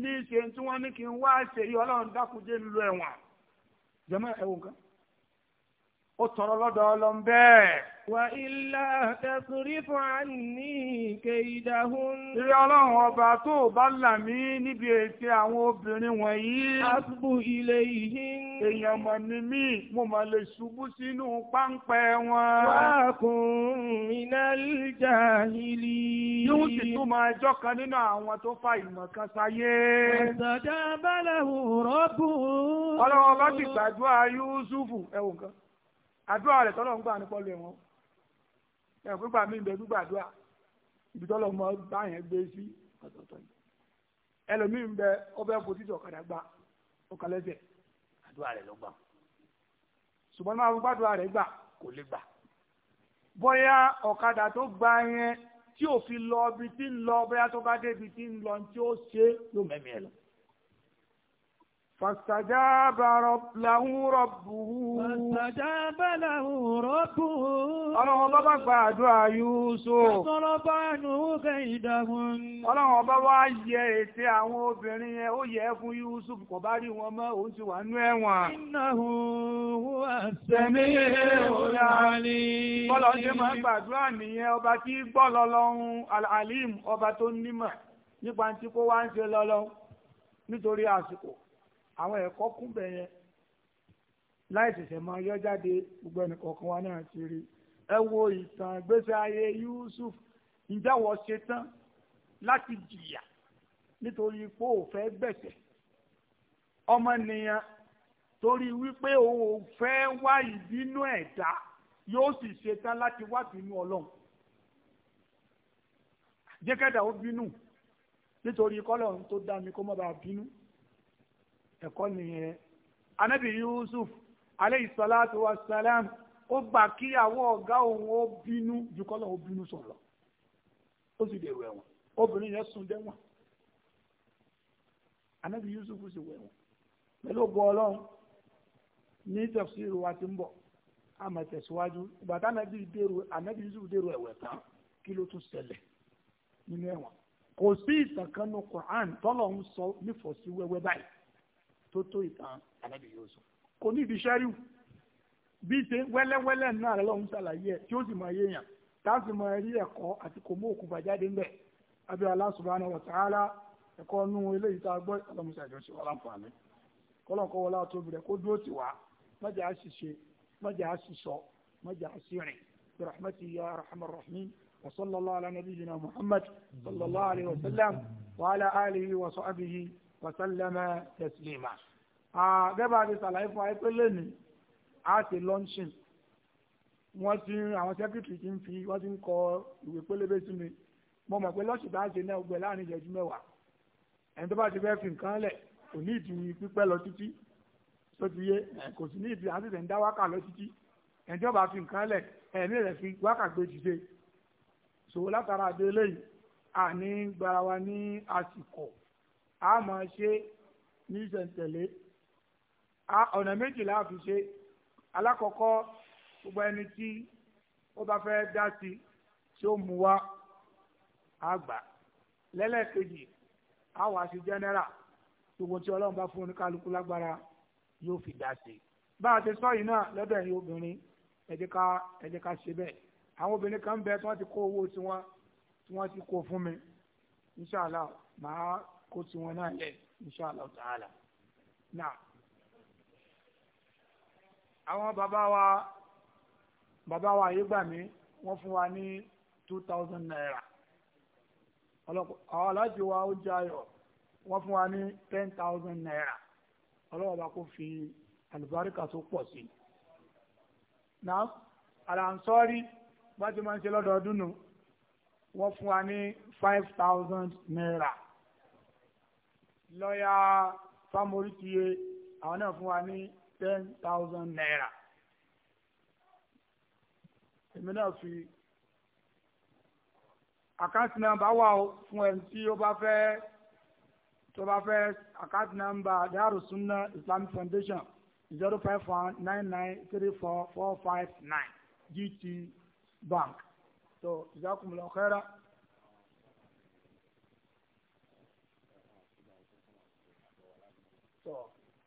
وَإِلَّا تَصْرِفْ عَنِّي كَيْدَهُنَّ Rí ọlọ́run ọba tó bá là mí níbi ètè àwọn obìnrin wọ̀nyí. Asbu ilayhin. Èèyàn mọ̀ ní mí, mo mọ̀ lè ṣubú sínú páńpẹ́ wọn. Wa kun minal jahilin. Yóò sì tún máa jọ́ kan nínú àwọn tó Àdúrà rẹ̀ tọ́lọ́ ń gbà ní ẹ̀ gbígbà mí bẹ gbígbàdúrà ibi tọ́lọ̀ mọ́ bá yẹn gbé sí ọ̀tọ̀ọ̀tọ̀ yìí ẹlòmíì ń bẹ ọbẹ̀ fojú sí ọ̀kadà gbá ọkàlẹ́sẹ̀ àdúrà rẹ̀ ló gbà ṣùgbọ́n máa gbàdúrà rẹ̀ gbà kò lè gbà bóyá ọ̀kadà tó gbà yẹn tí ò lọ ibi tí ń lọ bóyá tó bá dé ibi tí ń lọ tí ó ṣe yóò mẹ́mí ẹ lọ. فاستجاب رب له ربه فاستجاب له ربه ọlọ́run ọba bá gba àdúrà Yúsúf ọlọ́ba nù gẹ ìdàgùn ọlọ́run ọba wá yẹ ète àwọn obìnrin yẹn ó yẹ fún Yúsúf kò bá rí wọn mọ́ òun ti wà nú ẹ̀wọ̀n. innahu huwa as-sami'ul 'alim. bọ́lá ọjọ́ máa ń gbàdúrà nìyẹn ọba tí gbọ́ lọ́lọ́run al-alim ọba tó nímọ̀ nípa tí kò wá ń ṣe lọ́lọ́run nítorí àsìkò àwọn ẹ̀kọ́ kún bẹ̀ yẹn láì ṣẹ̀ṣẹ̀ máa yọ jáde gbogbo ẹnì kọ̀ọ̀kan wa náà ti rí ẹ wo ìtàn ìgbésí ayé Yusuf ǹjẹ́ wọ́n ṣe tán láti jìyà nítorí pé ò fẹ́ gbẹ̀sẹ̀ ọmọnìyàn torí wípé òun ò fẹ́ wá ìbínú ẹ̀dá yóò sì ṣe tán láti wá ìbínú Ọlọ́run jẹ́kẹ́dà ó bínú nítorí kọ́lọ́run tó dá mi kó má bàa bínú. ẹ̀kọ́ nìyẹn anabi yusuf aleyhi salatu wa salam ó gbà kíyàwó ọ̀gá òun ó bínú jùkọ́lọ̀ ó bínú sọ̀rọ̀ ó sì dèrò ẹ̀wọ̀n obìnrin yẹn sùn dẹ́wọ̀n anabi yusuf sì wẹ̀wọ̀n pẹ̀lú ògùn ọlọ́run ní tẹ̀síìrì wa ti ń bọ̀ a máa tẹ̀síwájú ìgbà tí anabi dèrò anabi yusuf dèrò ẹ̀wẹ̀ tán kí ló tún ṣẹlẹ̀ nínú ẹ̀wọ̀n kò sí ìtàn kan ní Qur'an ń sọ nífọ̀ọ́sí wẹ́wẹ́ báyìí tó tó ìtàn ànábì Yúsúf kò ní ìdí sẹ́ríù bí ṣe wẹ́lẹ́wẹ́lẹ́ náà rẹ̀ lọ́hún ṣàlàyé ẹ̀ tí ó sì máa yéèyàn táàsì máa rí ẹ̀kọ́ àti kò mú òkú bàjáde ńbẹ̀ abẹ́ Allah subhanahu wa ta'ala ẹ̀kọ́ nú eléyìí tá a gbọ́ ọlọ́mùsà ìjọ ṣe wọ́n láǹfààní kọ́lọ́nkọ́ wọlé àtòbí rẹ̀ kó dúró tì wá mọ́jà á sì ṣe mọ́jà á sì sọ mọ́jà á sì rìn bi rahmati ya rahman rahim wa sallallahu alayhi wa sallam wa ala alihi wa sahbihi wàsálẹ́mẹ́ tẹ̀sílẹ̀mà. gẹ́gẹ́ àti sàlàyé fún ayé pé lónìí a ti lọ́ńṣìn wọ́n ti àwọn sẹ́kítì ti ń fi wọ́n ti ń kọ ìwé pélébé sí mi mo mọ̀ pé lọ́sùn tá a ṣe náà gbẹ láàrin ìṣẹ́jú mẹ́wàá ẹni tó bá ti fẹ́ fi nǹkan lẹ̀ kò ní ìdí pípẹ́ lọ títí tó ti yé kò sí ní ìdí àti ìṣẹ̀ńdá wákà lọ títí ẹni tó bá fi nǹkan lẹ̀ ẹ̀mí rẹ̀ fi wákà gbé ti ṣòwò látara àdé eléyìí àní gbarawa ní àsìkò a máa ṣe ní ìṣẹ̀ǹtẹ̀lé ọ̀nà méjì la fi ṣe alákọ̀ọ́kọ́ gbogbo ẹni tí ó bá fẹ́ dá sí tí ó mú wá àgbà lẹ́lẹ́kejì a wá sí general gbogbo tí ọlọ́run bá fún oníkálukú lágbára yóò fi dá sí bá a ti sọ yìí náà lọ́dọ̀ ẹ̀yin obìnrin ẹ jẹ́ ká ẹ jẹ́ ká ṣe bẹ́ẹ̀ àwọn obìnrin kan bẹ tí wọ́n ti kó owó tiwọn tí wọ́n ti kó fún mi inṣàlá màá kó ti wọn náà lẹ̀ inshallah ta'ala náà àwọn bàbá wa bàbá wa yìí gbà mí wọ́n fún wa ní two thousand naira àwọn aláàjì wa ó jẹ́ ayọ̀ wọ́n fún wa ní ten thousand naira ọlọ́wọ́ bá kó fi àlùbáríkà tó pọ̀ sí i náà àlàǹsọ́rí bá ti máa ń ṣe lọ́dọọdún nù wọ́n fún wa ní five thousand naira lọ́yà fámorítìyé àwọn náà fún wa ní ten thousand naira èmi náà fi àkáǹtì nàmbà wà fún ẹni tí ó bá fẹ́ tó bá fẹ́ àkáǹtì nàmbà Darussunnah Islamic Foundation zero five one nine nine three four four five nine GT Bank so jazakumullahu khaira.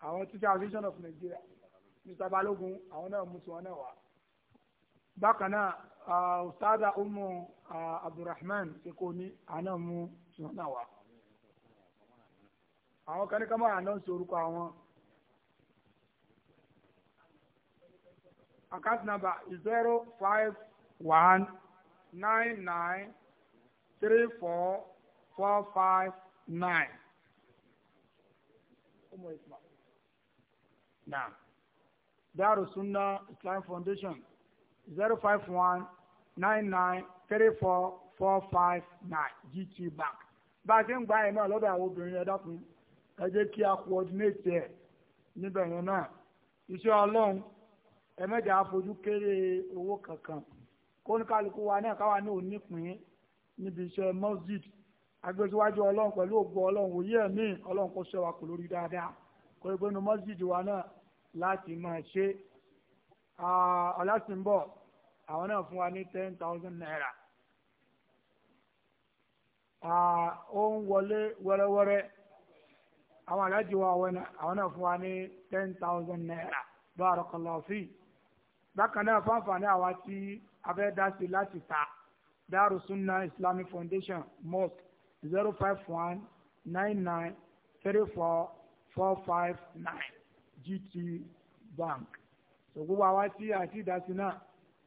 àwọn teacher vision of Nigeria Mr Balogun àwọn náà mú tiwọn náà wá bákan náà ustada umu Abdulrahman Sekoni àwọn náà mú tiwọn náà wá àwọn kan ní ká máa anọ́ọ̀sì orúkọ àwọn account number zero five one nine nine three four four five nine. ọmọ ìsìnkú. Now, Darul Sunnah Islam Foundation, 0519934459 GT Bank. Bá a ṣe gba ẹ̀ náà lọ́dọ̀ àwọn obìnrin ẹ̀dọ́kùn, a coordinate ẹ̀ níbẹ̀ yẹn náà. Iṣẹ́ Ọlọ́run ẹ mẹ́jọ afojú kéré owó kankan. Kóníkàlùkù wa náà káwa náà ò níbi iṣẹ́ mosjid agbésíwájú ọlọ́run pẹ̀lú ògbó ọlọ́run òye ẹ̀mí ọlọ́run kò ṣe wa kò lórí dáadáa kò mosjid wa náà láti máa ṣe ọlásìnbọ̀ àwọn náà fún wa ní ten thousand naira ó ń wọlé wẹ́rẹ́wẹ́rẹ́ àwọn aláàjì wa àwọn náà fún wa ní ten thousand naira barakallahu fi bákan náà fáǹfààní àwa tí a fẹ́ dá sí láti ta Darus Sunnah Islamic Foundation mosque zero five one nine nine three four four five nine. GT Bank ṣògbówó àwa tí àti ìdásí náà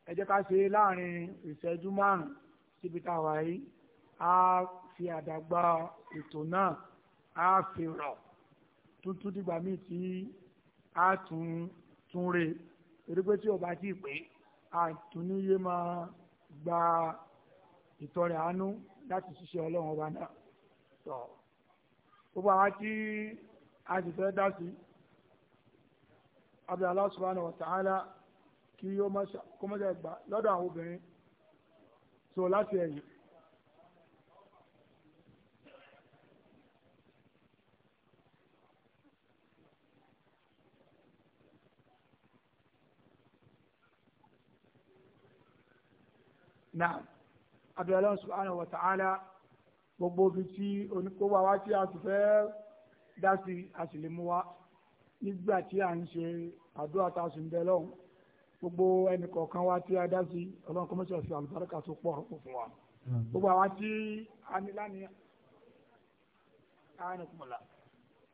ẹ jẹ́ ká ṣe láàrin ìṣẹ́jú márùn-ún síbi tá a wà yìí á fi àdàgbà ètò náà á fi rọ̀ tuntun dìgbà míì tí á tún tún re torí pé tí ò bá tí ì pé àtúnyẹ máa gba ìtọrẹ àánú láti ṣiṣẹ́ ọlọ́run ọba náà tọ́ gbogbo àwa tí a sì fẹ́ dá sí i abẹ́ Allah subhanahu wa ta'ala kí yóò má ṣe gbà lọ́dọ̀ àwọn obìnrin so láti ẹ̀yìn. Naam, abẹ́ Allah subhanahu wa ta'ala gbogbo ibi tí oníkó wa wá tí a sì fẹ́ dá sí a wa nígbà tí à ń ṣe àdúrà tá a sì ń bẹ lọ́hùn gbogbo ẹnì kọ̀ọ̀kan wa tí a dá sí ọlọ́run kọ́ mọ́ṣẹ́ àlùbáríkà tó pọ̀ rọ́pò fún wa gbogbo àwa tí a ní lánìí àárín kùmọ̀lá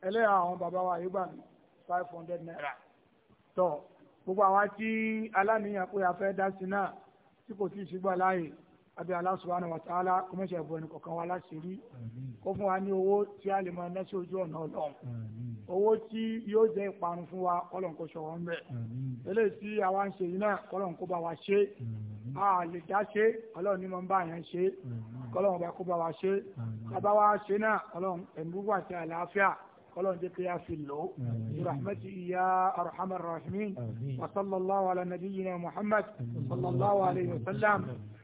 ẹlẹ́yà àwọn bàbá wa yóò gbà mí five hundred naira tọ́ gbogbo àwa tí aláníyàn pé a fẹ́ dá sí náà tí kò tí ì láàyè àbí Allah subhanahu wa ta'ala kọ́mẹ́sì ẹ̀bùn ẹni kọ̀ọ̀kan wa láti rí kó fún wa ní owó tí a lè máa ná sí ojú ọ̀nà ọlọ́run owó tí yóò jẹ́ ìparun fún wa kọ́lọ̀n kó ṣọwọ́ ń bẹ̀ eléyìí tí àwa ń ṣe yìí náà kọ́lọ̀n kó bá wa ṣe a lè dá ṣe ọlọ́run ní mo ń bá yẹn ṣe kọ́lọ̀n bá kó bá wa ṣe bàbá wa ṣe náà kọ́lọ̀n ẹ̀mí àti àlàáfíà قالوا جك يا في اللو برحمتك يا أرحم الراحمين وصلى الله على نبينا محمد صلى الله